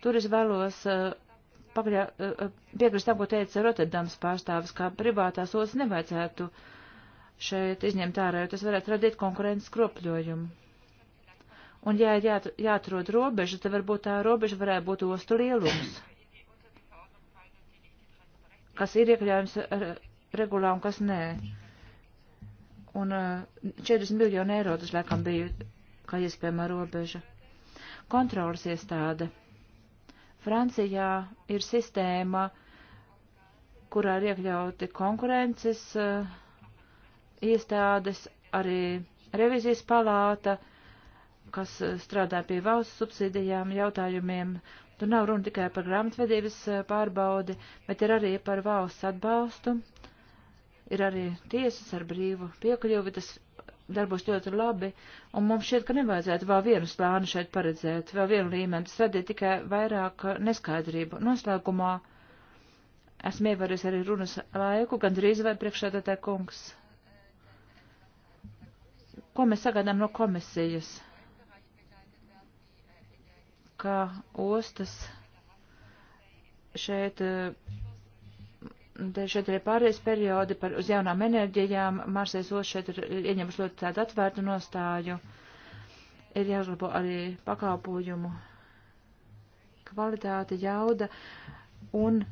tur es vēlos uh, pakaļā, uh, uh, piekrist tam, ko teica Rotterdams pārstāvis, kā privātās ostas nevajadzētu šeit izņemt ārā, jo tas varētu radīt konkurences kropļojumu. Un, ja ir jāt, jāatrod robeža, tad varbūt tā robeža varētu būt ostu lielums kas ir iekļaujams eh, regulā un kas nē. Un 40 eh, miljonu eiro tas laikam bija kā iespējama robeža. Kontrolas iestāde. Francijā ir sistēma, kurā ir iekļauti konkurences eh, iestādes, arī revizijas palāta, kas strādā pie valsts subsidijām jautājumiem, Tur nav runa tikai par grāmatvedības eh, pārbaudi, bet ir arī par valsts atbalstu. Ir arī tiesas ar brīvu piekļuvi, tas darbos ļoti labi, un mums šķiet, ka nevajadzētu vēl vienu slāni šeit paredzēt, vēl vienu līmeni, tas radīja tikai vairāk eh, neskaidrību. Noslēgumā esmu ievēries arī runas laiku, gandrīz vai priekšādātā kungs. Ko mēs sagaidām no komisijas? ka ostas šeit, eh, šeit ir pārējais periodi par, uz jaunām enerģijām. Mārsēs ostas šeit ir ieņemas ļoti tādu atvērtu nostāju. Ir jāuzlabo arī pakalpojumu kvalitāte, jauda. Un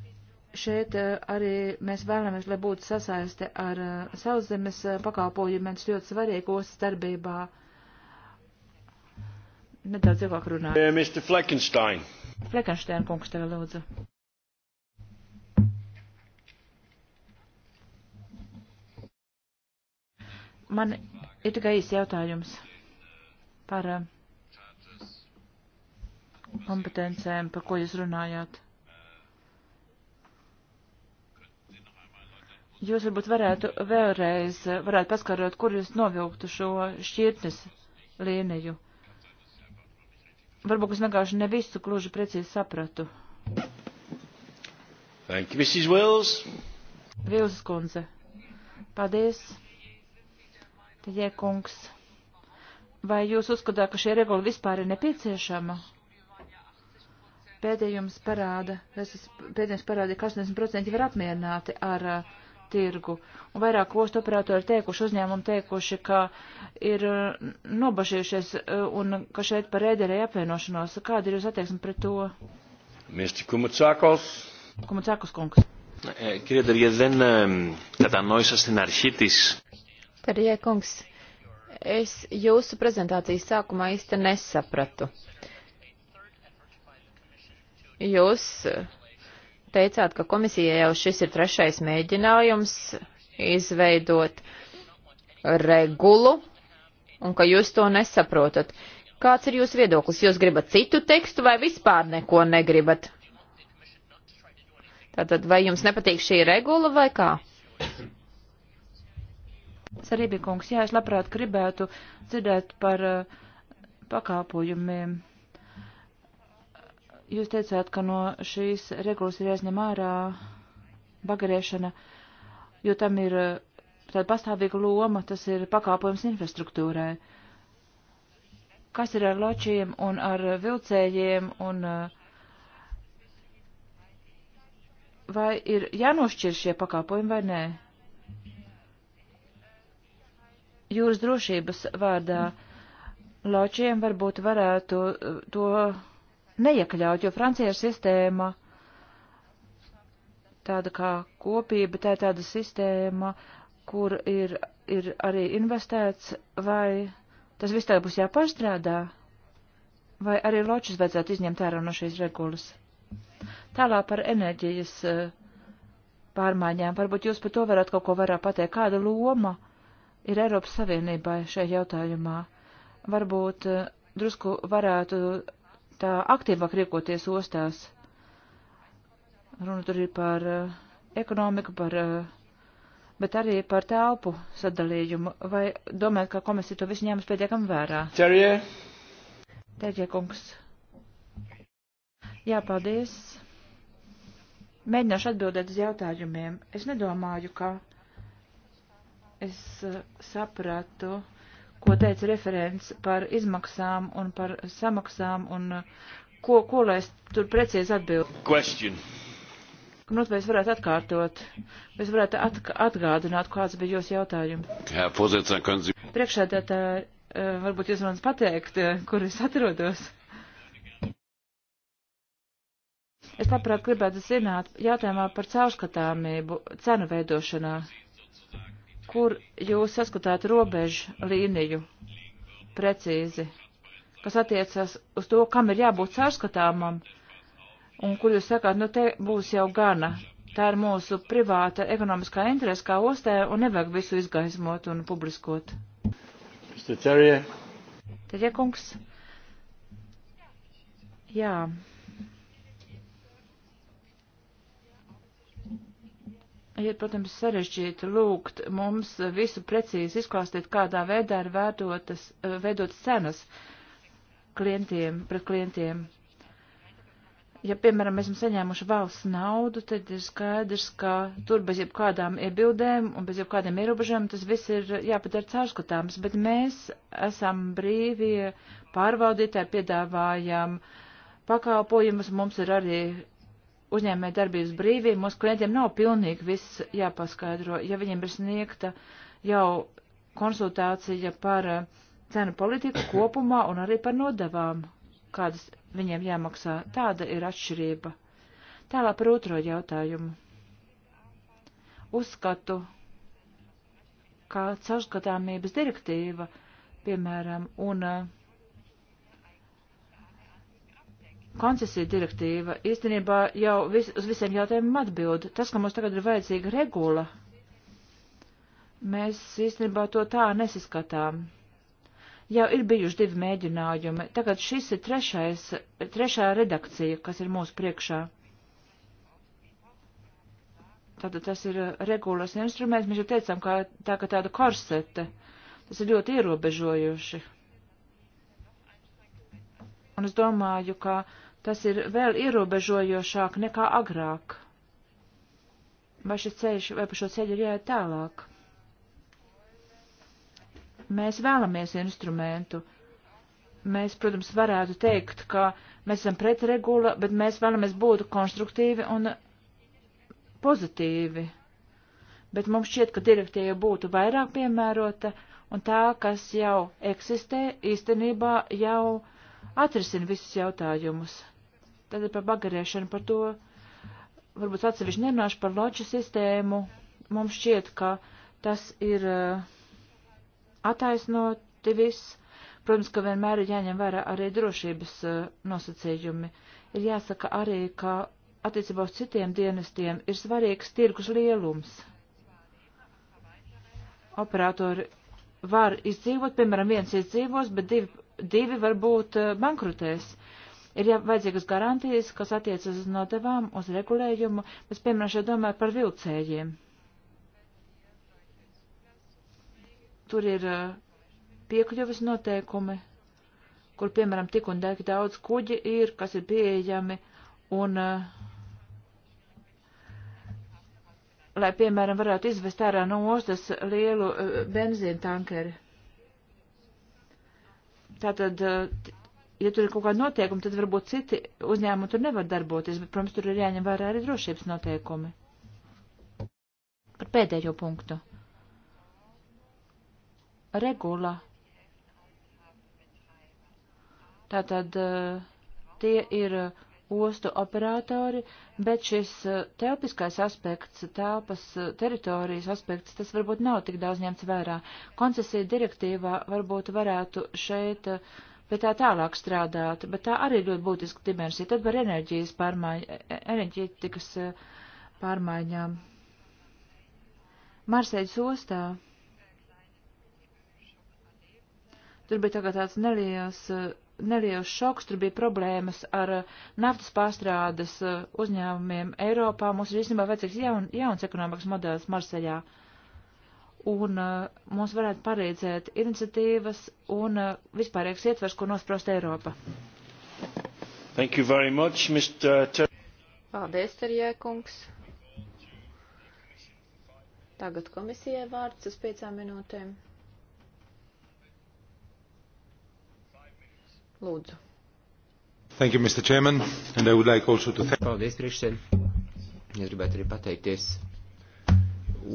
šeit eh, arī mēs vēlamies, lai būtu sasaiste ar eh, sauszemes pakalpojumiem, tas ļoti svarīgi ostas darbībā nedaudz ilgāk runāt. Uh, Mr. Fleckenstein. Fleckenstein kungs tevi lūdzu. Man ir tikai īsi jautājums par uh, kompetencēm, par ko jūs runājāt. Jūs varbūt varētu vēlreiz varētu paskarot, kur jūs novilktu šo šķirtnes līniju. Varbūt es vienkārši ne visu kluži precīzi sapratu. Thank you, Mrs. Wills. Vilzes kundze. Paldies. Tie kungs. Vai jūs uzskatāt, ka šī regula vispār ir nepieciešama? Pēdējums parāda, pēdējums parāda, ka 80% var apmierināti ar uh, tirgu. Un vairāk ostu operatori teikuši, uzņēmumi teikuši, ka ir uh, nobažījušies uh, un ka šeit par rēderēju apvienošanos. Kāda ir jūs attieksme pret to? Mr. Kumutsakos. Kumutsakos kungs. Eh, κύριε Τεριέ, δεν κατανόησα στην αρχή της. Τεριέ, kungs, es jūsu prezentācijas sākumā īsti nesapratu. Jūs uh, teicāt, ka komisijai jau šis ir trešais mēģinājums izveidot regulu un ka jūs to nesaprotat. Kāds ir jūsu viedoklis? Jūs gribat citu tekstu vai vispār neko negribat? Tātad vai jums nepatīk šī regula vai kā? Sarībikungs, jā, es labprāt gribētu dzirdēt par uh, pakāpojumiem. Jūs teicāt, ka no šīs regulas ir jāizņem ārā bagarēšana, jo tam ir uh, tāda pastāvīga loma, tas ir pakāpojums infrastruktūrai. Kas ir ar ločiem un ar vilcējiem un uh, vai ir jānošķir šie pakāpojumi vai nē? Jūras drošības vārdā ločiem varbūt varētu uh, to neiekļaut, jo Francijā ir sistēma tāda kā kopība, tā ir tāda sistēma, kur ir, ir arī investēts, vai tas viss tagad būs jāpārstrādā, vai arī ločus vajadzētu izņemt ārā no šīs regulas. Tālāk par enerģijas eh, pārmaiņām. Varbūt jūs par to varat kaut ko vairāk pateikt. Kāda loma ir Eiropas Savienībai šajā jautājumā? Varbūt eh, drusku varētu tā aktīvāk riekoties ostās. Runa tur ir par uh, ekonomiku, par, uh, bet arī par telpu sadalījumu. Vai domājat, ka komisija to visu ņēmas pietiekam vērā? Cerie. Tēģie kungs. Jā, paldies. Mēģināšu atbildēt uz jautājumiem. Es nedomāju, ka es sapratu. Uh, ko teica referents par izmaksām un par samaksām un uh, ko, ko lai es tur precīzi atbildu. Question. Nu, vai es varētu atkārtot, vai es varētu atk atgādināt, kāds bija jūsu jautājums? Jā, pozīcijā, kanzi. Priekšēdētāji, uh, varbūt jūs manis pateikt, uh, kur es atrodos. Es labprāt gribētu zināt jautājumā par caurskatāmību cenu veidošanā kur jūs saskatāt robežu līniju precīzi, kas attiecas uz to, kam ir jābūt sārskatāmam, un kur jūs sakāt, nu te būs jau gana. Tā ir mūsu privāta ekonomiskā interese kā ostē, un nevajag visu izgaismot un publiskot. Tad, ja kungs. Jā. Ir, protams, sarežģīti lūgt mums visu precīzi izklāstīt, kādā veidā ir veidotas, eh, veidotas cenas klientiem, pret klientiem. Ja, piemēram, mēs esam saņēmuši valsts naudu, tad ir skaidrs, ka tur bez jebkādām iebildēm un bez jebkādiem ierobežojumiem tas viss ir jāpadara caurskatāms, bet mēs esam brīvie pārvaldītāji, piedāvājam pakalpojumus, mums ir arī uzņēmē darbības brīvību, mūsu klientiem nav pilnīgi viss jāpaskaidro. Ja viņiem ir sniegta jau konsultācija par eh, cenu politiku kopumā un arī par nodevām, kādas viņiem jāmaksā, tāda ir atšķirība. Tālāk par otro jautājumu. Uzskatu, kā caurskatāmības direktīva, piemēram, un uh, Koncesija direktīva īstenībā jau vis, uz visiem jautājumiem atbild. Tas, ka mums tagad ir vajadzīga regula, mēs īstenībā to tā nesaskatām. Jau ir bijuši divi mēģinājumi, tagad šis ir trešais, trešā redakcija, kas ir mūsu priekšā. Tātad tas ir regulas instruments, mēs jau teicām, ka tā kā tāda korsete, tas ir ļoti ierobežojuši un es domāju, ka tas ir vēl ierobežojošāk nekā agrāk. Vai šis ceļš, vai pa šo ceļu ir jāiet tālāk? Mēs vēlamies instrumentu. Mēs, protams, varētu teikt, ka mēs esam pret regula, bet mēs vēlamies būt konstruktīvi un pozitīvi. Bet mums šķiet, ka direktīva būtu vairāk piemērota, un tā, kas jau eksistē, īstenībā jau uh, atrisina visus jautājumus. Tad ir par bagarēšanu, par to varbūt atsevišķi nerunāšu par loģu sistēmu. Mums šķiet, ka tas ir eh, attaisnoti viss. Protams, ka vienmēr ir jāņem vērā arī drošības eh, nosacījumi. Ir jāsaka arī, ka attiecībā uz citiem dienestiem ir svarīgs tirgus lielums. Operatori var izdzīvot, piemēram, viens izdzīvos, bet divi divi varbūt eh, bankrutēs. Ir jau vajadzīgas garantijas, kas attiecas uz nodevām, uz regulējumu, bet, piemēram, šeit domāju par vilcējiem. Tur ir eh, piekļuvis noteikumi, kur, piemēram, tik un dēļ daudz kuģi ir, kas ir pieejami, un uh, lai, piemēram, varētu izvest ārā no ostas lielu benzīna tankeri. Tātad, eh, ja tur ir kaut kāda noteikuma, tad varbūt citi uzņēmumi tur nevar darboties, bet, protams, tur ir jāņem vērā arī drošības noteikumi. Par pēdējo punktu. Regula. Tātad, eh, tie ir. Uh, ostu operatori, bet šis uh, telpiskais aspekts, telpas uh, teritorijas aspekts, tas varbūt nav tik daudz ņemts vērā. Koncesija direktīvā varbūt varētu šeit uh, pie tā tālāk strādāt, bet tā arī ļoti būtiska dimensija. Tad par enerģijas pārmaiņu, e, enerģētikas pārmaiņām. Marsēļas ostā. Tur bija tagad tāds neliels uh, neliels šoks, tur bija problēmas ar uh, naftas pārstrādes uh, uzņēmumiem Eiropā. Mums ir īstenībā vajadzīgs jaun, jauns ekonomikas modelis Marsejā. Un uh, mums varētu palīdzēt iniciatīvas un uh, vispārējais ietvers, ko nosprost Eiropa. Thank you very much, Mr. Ter Paldies, Terjēkungs. Tagad komisijai vārds uz piecām minūtēm. Lūdzu. Thank you, Mr. Chairman, and I would like also to thank... Paldies, priekšsēd. Es gribētu arī pateikties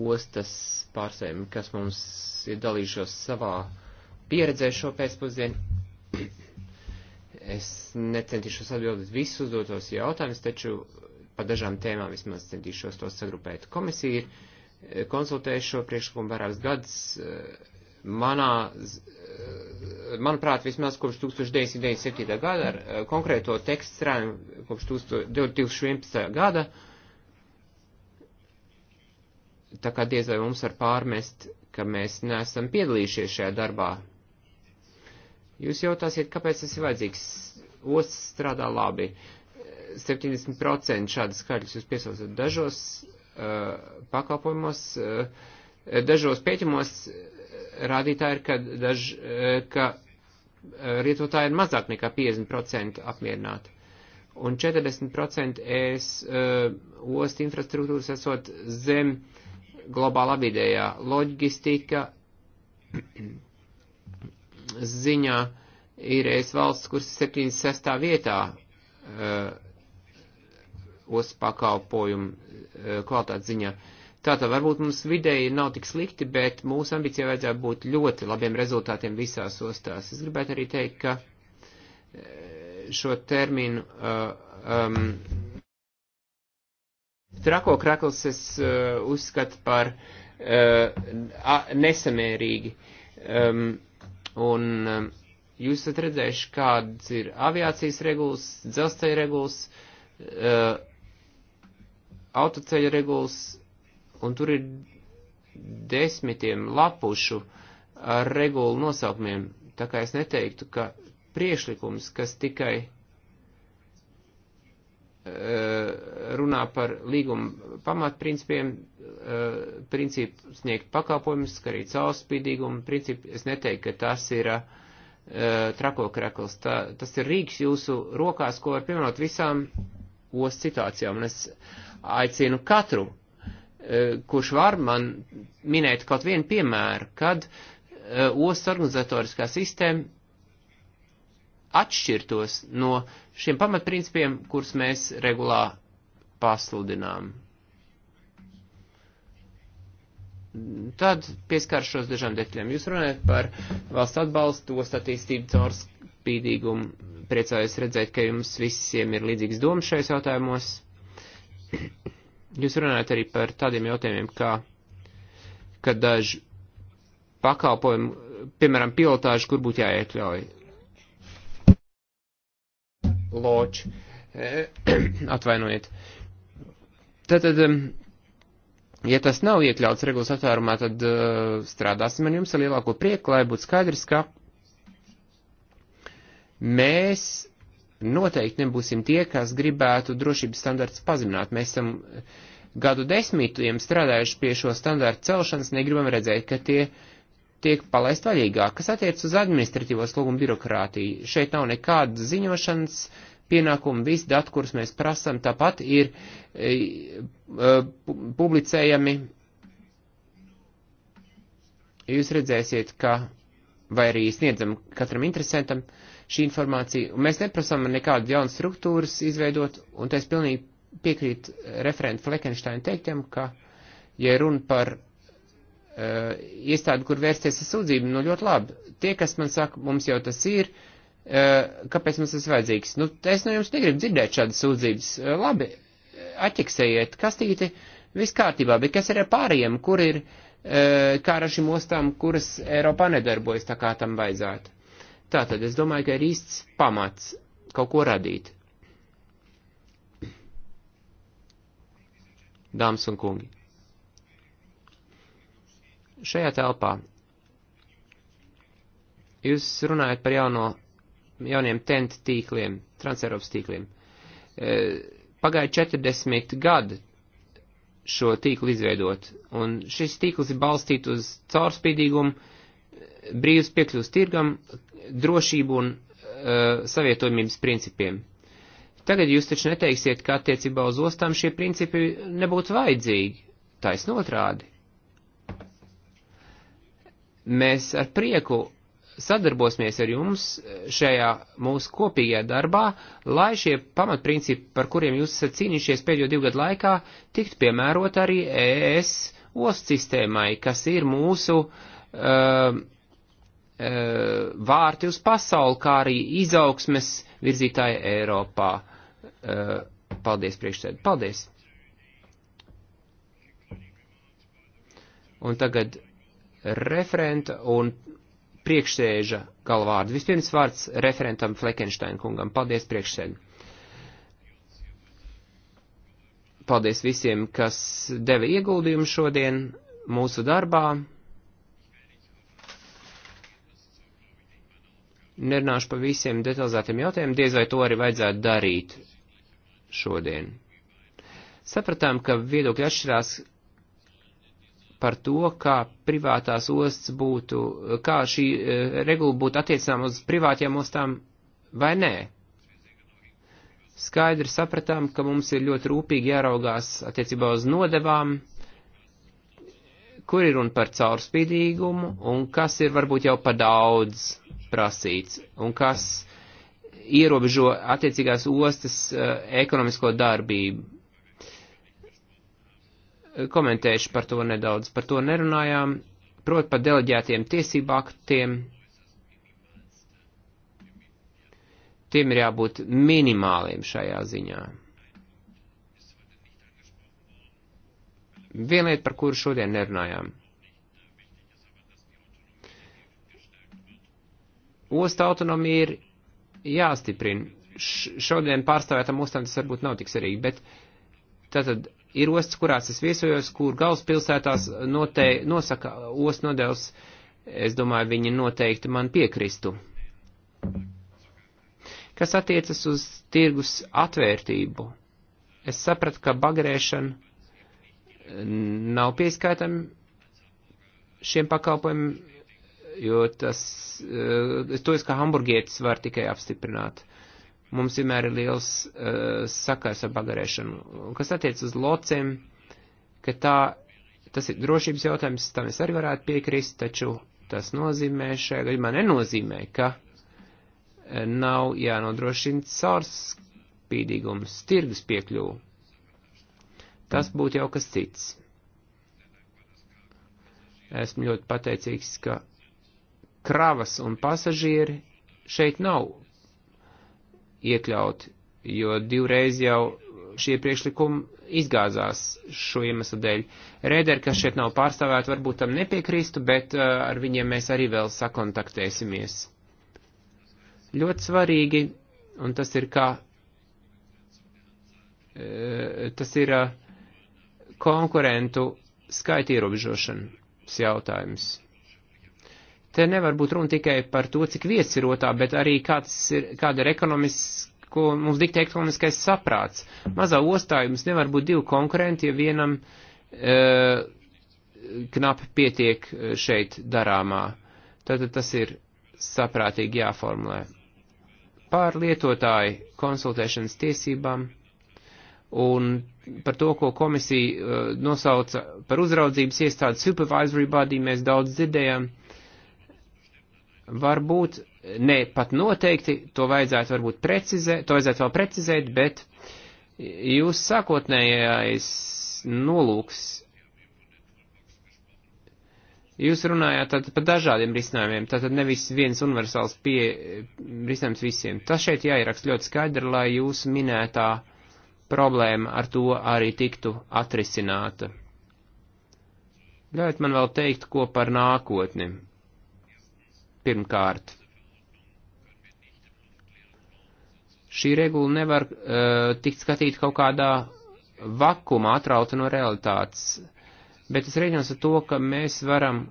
ostas pārsēm, kas mums ir dalījušos savā pieredzē šo pēcpusdienu. Es necentīšos atbildēt visus uzdotos jautājumus, taču par dažām tēmām vismaz centīšos tos sagrupēt. Komisija ir eh, konsultējuši šo priekšlikumu vairākus gadus. Eh, manā manuprāt, vismaz kopš 1997. gada ar eh, konkrēto tekstu strādājumu kopš 2011. gada, tā kā diez vai mums var pārmest, ka mēs neesam piedalījušies šajā darbā. Jūs jautāsiet, kāpēc tas ir vajadzīgs? Ostas strādā labi. 70% šādas skaļas jūs piesaucat dažos uh, pakalpojumos, uh, dažos pieķumos. Uh, rādītāji ir, ka, daž, eh, ka lietotāji eh, ir mazāk nekā 50% apmierināti. Un 40% es eh, ostu infrastruktūras esot zem globāla vidējā loģistika [clears throat] ziņā ir es valsts, kuras 76. vietā ostu pakalpojumu kvalitātes ziņā. Uh, Tātad varbūt mums vidēji nav tik slikti, bet mūsu ambīcija vajadzētu būt ļoti labiem rezultātiem visās ostās. Es gribētu arī teikt, ka eh, šo terminu uh, um, trako krakls es uh, uzskatu par uh, nesamērīgi. Um, un um, jūs esat redzējuši, kāds ir aviācijas regulas, dzelzceļa regulas, uh, autoceļa regulas un tur ir desmitiem lapušu ar regulu nosaukumiem, tā kā es neteiktu, ka priešlikums, kas tikai e, runā par līguma pamatprincipiem, e, principu sniegt pakalpojumus, kā arī caurspīdīgumu principu. Es neteiktu, ka tas ir e, trako krekls. Tā, tas ir rīks jūsu rokās, ko var pievienot visām ostas situācijām. Un es aicinu katru Eh, kurš var man minēt kaut vienu piemēru, kad eh, ostas organizatoriskā sistēma atšķirtos no šiem pamatprincipiem, kurus mēs regulā pasludinām. Tad pieskaršos dažām detaļām. Jūs runājat par valsts atbalstu, ostu attīstību, caurspīdīgumu. Priecājos redzēt, ka jums visiem ir līdzīgas domas šajos jautājumos. Jūs runājat arī par tādiem jautājumiem, kā, ka daži pakalpojumi, piemēram, pilotāži, kur būtu jāiekļauj. Loč. Eh, [clears throat] atvainojiet. Tātad, ja tas nav iekļauts regulas atvērumā, tad uh, strādāsim ar jums ar lielāko prieku, lai būtu skaidrs, ka mēs noteikti nebūsim tie, kas gribētu drošības standarts pazemināt. Mēs esam gadu desmitiem strādājuši pie šo standartu celšanas, negribam redzēt, ka tie tiek palaist vaļīgā. Kas attiec uz administratīvos lūgumu birokrātiju, šeit nav nekāda ziņošanas pienākumu, visi dati, kurus mēs prasam, tāpat ir e, e publicējami. Jūs redzēsiet, ka, vai arī sniedzam katram interesantam, uh, šī informācija. Un mēs neprasām nekādu jaunu struktūras izveidot, un es pilnīgi piekrītu eh, referentu Fleckensteinu teiktiem, ka, ja runa par uh, iestādi, kur vērsties ar sūdzību, nu ļoti labi. Tie, kas man saka, mums jau tas ir, uh, kāpēc mums tas vajadzīgs? Nu, es no nu jums negribu dzirdēt šādas sūdzības. Uh, labi, atķeksējiet, kastīti, viss kārtībā, bet kas ir ar pārējiem, kur ir uh, kā ar šīm ostām, kuras Eiropā nedarbojas tā kā tam vajadzētu? Tātad es domāju, ka ir īsts pamats kaut ko radīt. Dāmas un kungi, šajā telpā jūs runājat par jauno, jauniem tent tīkliem, transeiropas tīkliem. E, pagāja 40 gadi šo tīklu izveidot, un šis tīkls ir balstīts uz caurspīdīgumu, brīvs piekļūst tirgam, drošību un uh, eh, savietojumības principiem. Tagad jūs taču neteiksiet, ka attiecībā uz ostām šie principi nebūtu vajadzīgi. Taisn otrādi. Mēs ar prieku sadarbosimies ar jums šajā mūsu kopīgajā darbā, lai šie pamatprincipi, par kuriem jūs esat cīnījušies pēdējo divu gadu laikā, tikt piemērot arī ES ostu sistēmai, kas ir mūsu uh, E, vārti uz pasauli, kā arī izaugsmes virzītāji Eiropā. E, paldies, priekšsēd. Paldies! Un tagad referenta un priekšsēža galvārdu. Vispirms vārds referentam Fleckenstein kungam. Paldies, priekšsēd. Paldies visiem, kas deva ieguldījumu šodien mūsu darbā. Nerunāšu pa visiem detalizētiem jautājumiem, diez vai to arī vajadzētu darīt šodien. Sapratām, ka viedokļi atšķirās par to, kā privātās ostas būtu, kā šī eh, regula būtu attiecināma uz privātiem ostām vai nē. Skaidri sapratām, ka mums ir ļoti rūpīgi jāraugās attiecībā uz nodevām, kur ir un par caurspīdīgumu, un kas ir varbūt jau pa daudz prasīts, un kas ierobežo attiecīgās ostas uh, ekonomisko darbību. Komentēšu par to nedaudz, par to nerunājām, proti par deleģētiem tiesību aktiem. Tiem ir jābūt minimāliem šajā ziņā. Viena lieta, par kuru šodien nerunājām. Osta autonomija ir jāstiprina. Šodien pārstāvētam ostam tas varbūt nav tik svarīgi, bet tātad ir ostas, kurās es viesojos, kur galvaspilsētās notei, nosaka ostu nodevs. Es domāju, viņi noteikti man piekristu. Kas attiecas uz tirgus atvērtību, es sapratu, ka bagrēšana nav pieskaitami šiem pakalpojumiem, jo tas, to eh, es kā hamburgietis var tikai apstiprināt. Mums vienmēr ir liels uh, sakars ar bagarēšanu. Kas attiec uz locem, ka tā, tas ir drošības jautājums, tam es arī varētu piekrist, taču tas nozīmē šajā gadījumā nenozīmē, ka eh, nav jānodrošina caurspīdīgums, tirgus piekļuvu Tas būtu jau kas cits. Esmu ļoti pateicīgs, ka kravas un pasažieri šeit nav iekļauti, jo divreiz jau šie priekšlikumi izgāzās šo iemeslu dēļ. Rēderi, kas šeit nav pārstāvēti, varbūt tam nepiekrīstu, bet uh, ar viņiem mēs arī vēl sakontaktēsimies. Ļoti svarīgi, un tas ir kā, uh, tas ir uh, konkurentu skaita ierobežošanas jautājums. Te nevar būt runa tikai par to, cik vietas ir otā, bet arī kāds ir, kāda ir ekonomisko, mums diktē ekonomiskais saprāts. Mazā ostā jums nevar būt divi konkurenti, ja vienam e, knapi pietiek e, šeit darāmā. Tātad tas ir saprātīgi jāformulē. Pār lietotāju konsultēšanas tiesībām un par to, ko komisija uh, nosauca par uzraudzības iestādi supervisory body, mēs daudz dzirdējām. Varbūt, ne pat noteikti, to vajadzētu varbūt precizēt, to vajadzētu vēl precizēt, bet jūs sākotnējais nolūks Jūs runājāt par dažādiem risinājumiem, tātad nevis viens universāls pie risinājums visiem. Tas šeit jāieraksta ļoti skaidri, lai jūsu minētā problēma ar to arī tiktu atrisināta. Ļaujiet man vēl teikt, ko par nākotni. Pirmkārt, šī regula nevar uh, tikt skatīta kaut kādā vakumā, atrauta no realitātes, bet es reiķinos ar to, ka mēs varam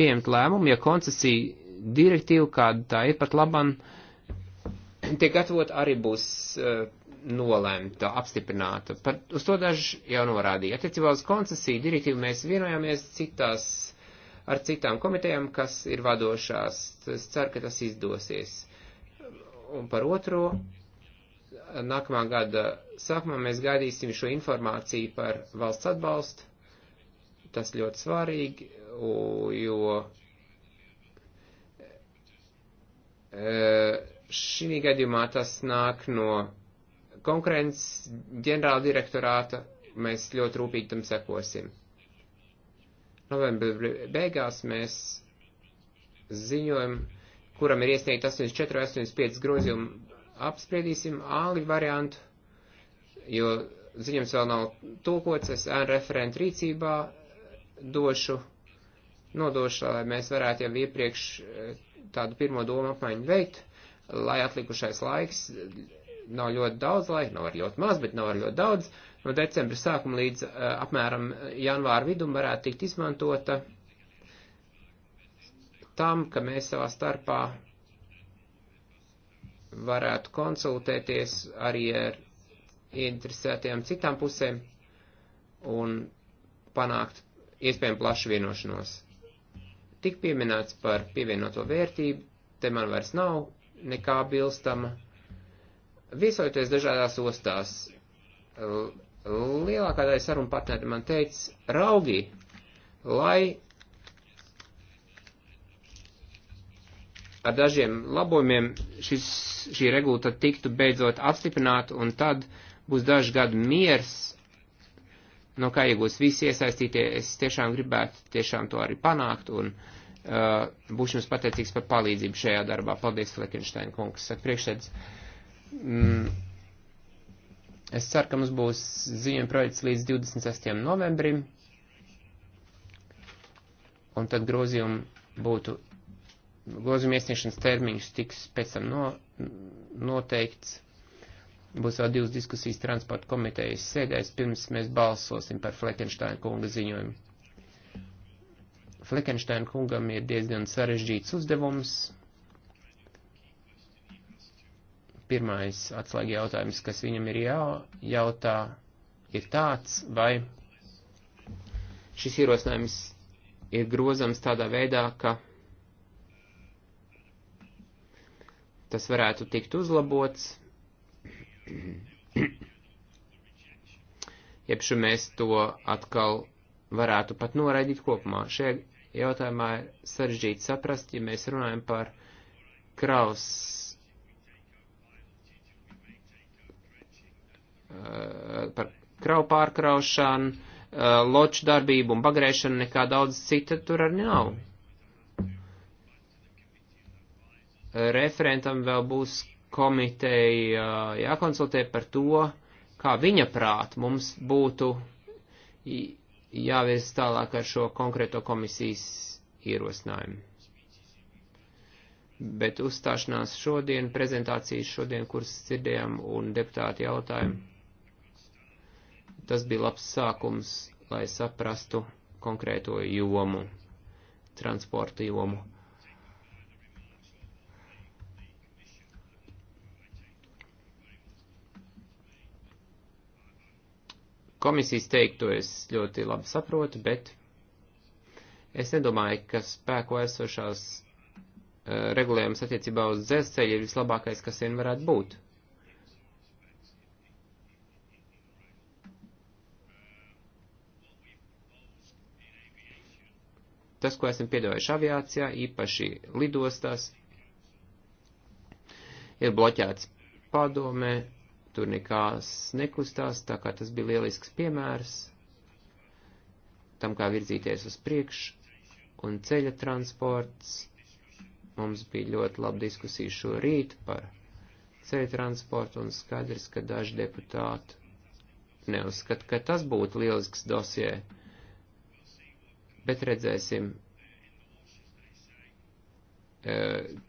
pieņemt lēmumu, ja koncesija direktīva, kāda tā ir pat laban, tiek gatavot, arī būs uh, nolēmta, apstiprināta. Par, uz to daži jau norādīja. Attiecībā uz koncesiju direktīvu mēs vienojāmies citās, ar citām komitejām, kas ir vadošās. Es ceru, ka tas izdosies. Un par otro, nākamā gada sākumā mēs gaidīsim šo informāciju par valsts atbalstu. Tas ļoti svarīgi, jo e, šī gadījumā tas nāk no konkurences ģenerāla direktorāta mēs ļoti rūpīgi tam sekosim. Novembra beigās mēs ziņojam, kuram ir iesniegt 84, 85 grozījumu, apspriedīsim āli variantu, jo ziņams vēl nav tulkots, es ēnu referentu rīcībā došu, nodošu, lai mēs varētu jau iepriekš eh, tādu pirmo domu apmaiņu veikt, lai atlikušais laiks nav ļoti daudz laika, nav arī ļoti maz, bet nav arī ļoti daudz. No decembra sākuma līdz uh, apmēram janvāra vidum varētu tikt izmantota tam, ka mēs savā starpā varētu konsultēties arī ar interesētajām citām pusēm un panākt iespējami plašu vienošanos. Tik pieminēts par pievienoto vērtību, te man vairs nav nekā bilstama viesojoties dažādās ostās, lielākā daļa sarunu partneri man teica, raugi, lai ar dažiem labojumiem šis, šī regulta tiktu beidzot apstiprināta un tad būs daži gadu miers, no kā iegūs visi iesaistītie. Es tiešām gribētu tiešām to arī panākt un uh, būšu jums pateicīgs par palīdzību šajā darbā. Paldies, Flekinšteina kungs, priekšsēdz. Uh, Mm, es ceru, ka mums būs ziņojuma projekts līdz 26. novembrim, un tad grozījumi būtu, grozījuma iesniegšanas termiņš tiks pēc tam no, noteikts. Būs vēl divas diskusijas transporta komitejas sēdēs, pirms mēs balsosim par Fleckensteina kunga ziņojumu. Fleckensteina kungam ir diezgan sarežģīts uzdevums pirmais atslēga jautājums, kas viņam ir jājautā, ir tāds, vai šis ierosinājums ir grozams tādā veidā, ka tas varētu tikt uzlabots, iepšu [clears throat] mēs to atkal varētu pat noraidīt kopumā. Šajā jautājumā ir sarežģīti saprast, ja mēs runājam par kraus Eh, par kravu pārkraušanu, eh, loču darbību un bagrēšanu nekā daudz cita tur arī nav. Eh, referentam vēl būs komiteja jākonsultē par to, kā viņa prāt mums būtu jāvies tālāk ar šo konkrēto komisijas ierosinājumu. Bet uzstāšanās šodien, prezentācijas šodien, kuras dzirdējām, un deputāti jautājumu Tas bija labs sākums, lai saprastu konkrēto jomu, transporta jomu. Komisijas teikto es ļoti labi saprotu, bet es nedomāju, ka spēko esošās eh, regulējums attiecībā uz dzelzceļu ir vislabākais, kas vien varētu būt. Tas, ko esam piedāvājuši aviācijā, īpaši lidostās, ir bloķēts padomē, tur nekās nekustās, tā kā tas bija lielisks piemērs tam, kā virzīties uz priekšu, un ceļa transports. Mums bija ļoti laba diskusija šorīt par ceļa transportu, un skaidrs, ka daži deputāti neuzskata, ka tas būtu lielisks dosie bet redzēsim, e,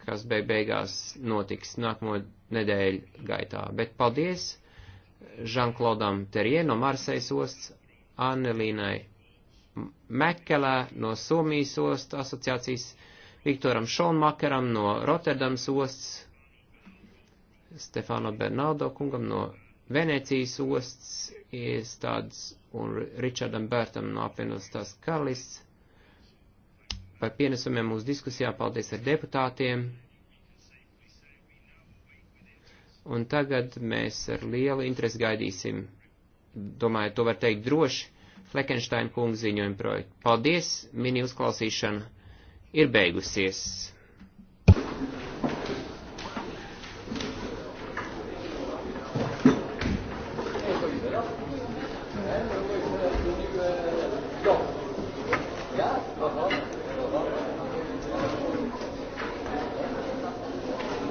kas beig beigās notiks nākamo nedēļu gaitā. Bet paldies Žanklaudam Terie no Marsejas osts, Annelīnai Mekelē no Somijas ostu asociācijas, Viktoram Šonmakaram no Rotterdams osts, Stefano Bernardo kungam no Venecijas osts iestādes un Ričardam Bērtam no apvienotās karalists par pienesumiem mūsu diskusijā. Paldies ar deputātiem. Un tagad mēs ar lielu interesi gaidīsim, domāju, to var teikt droši, Fleckensteina kungu ziņojumu projektu. Paldies, mini uzklausīšana ir beigusies.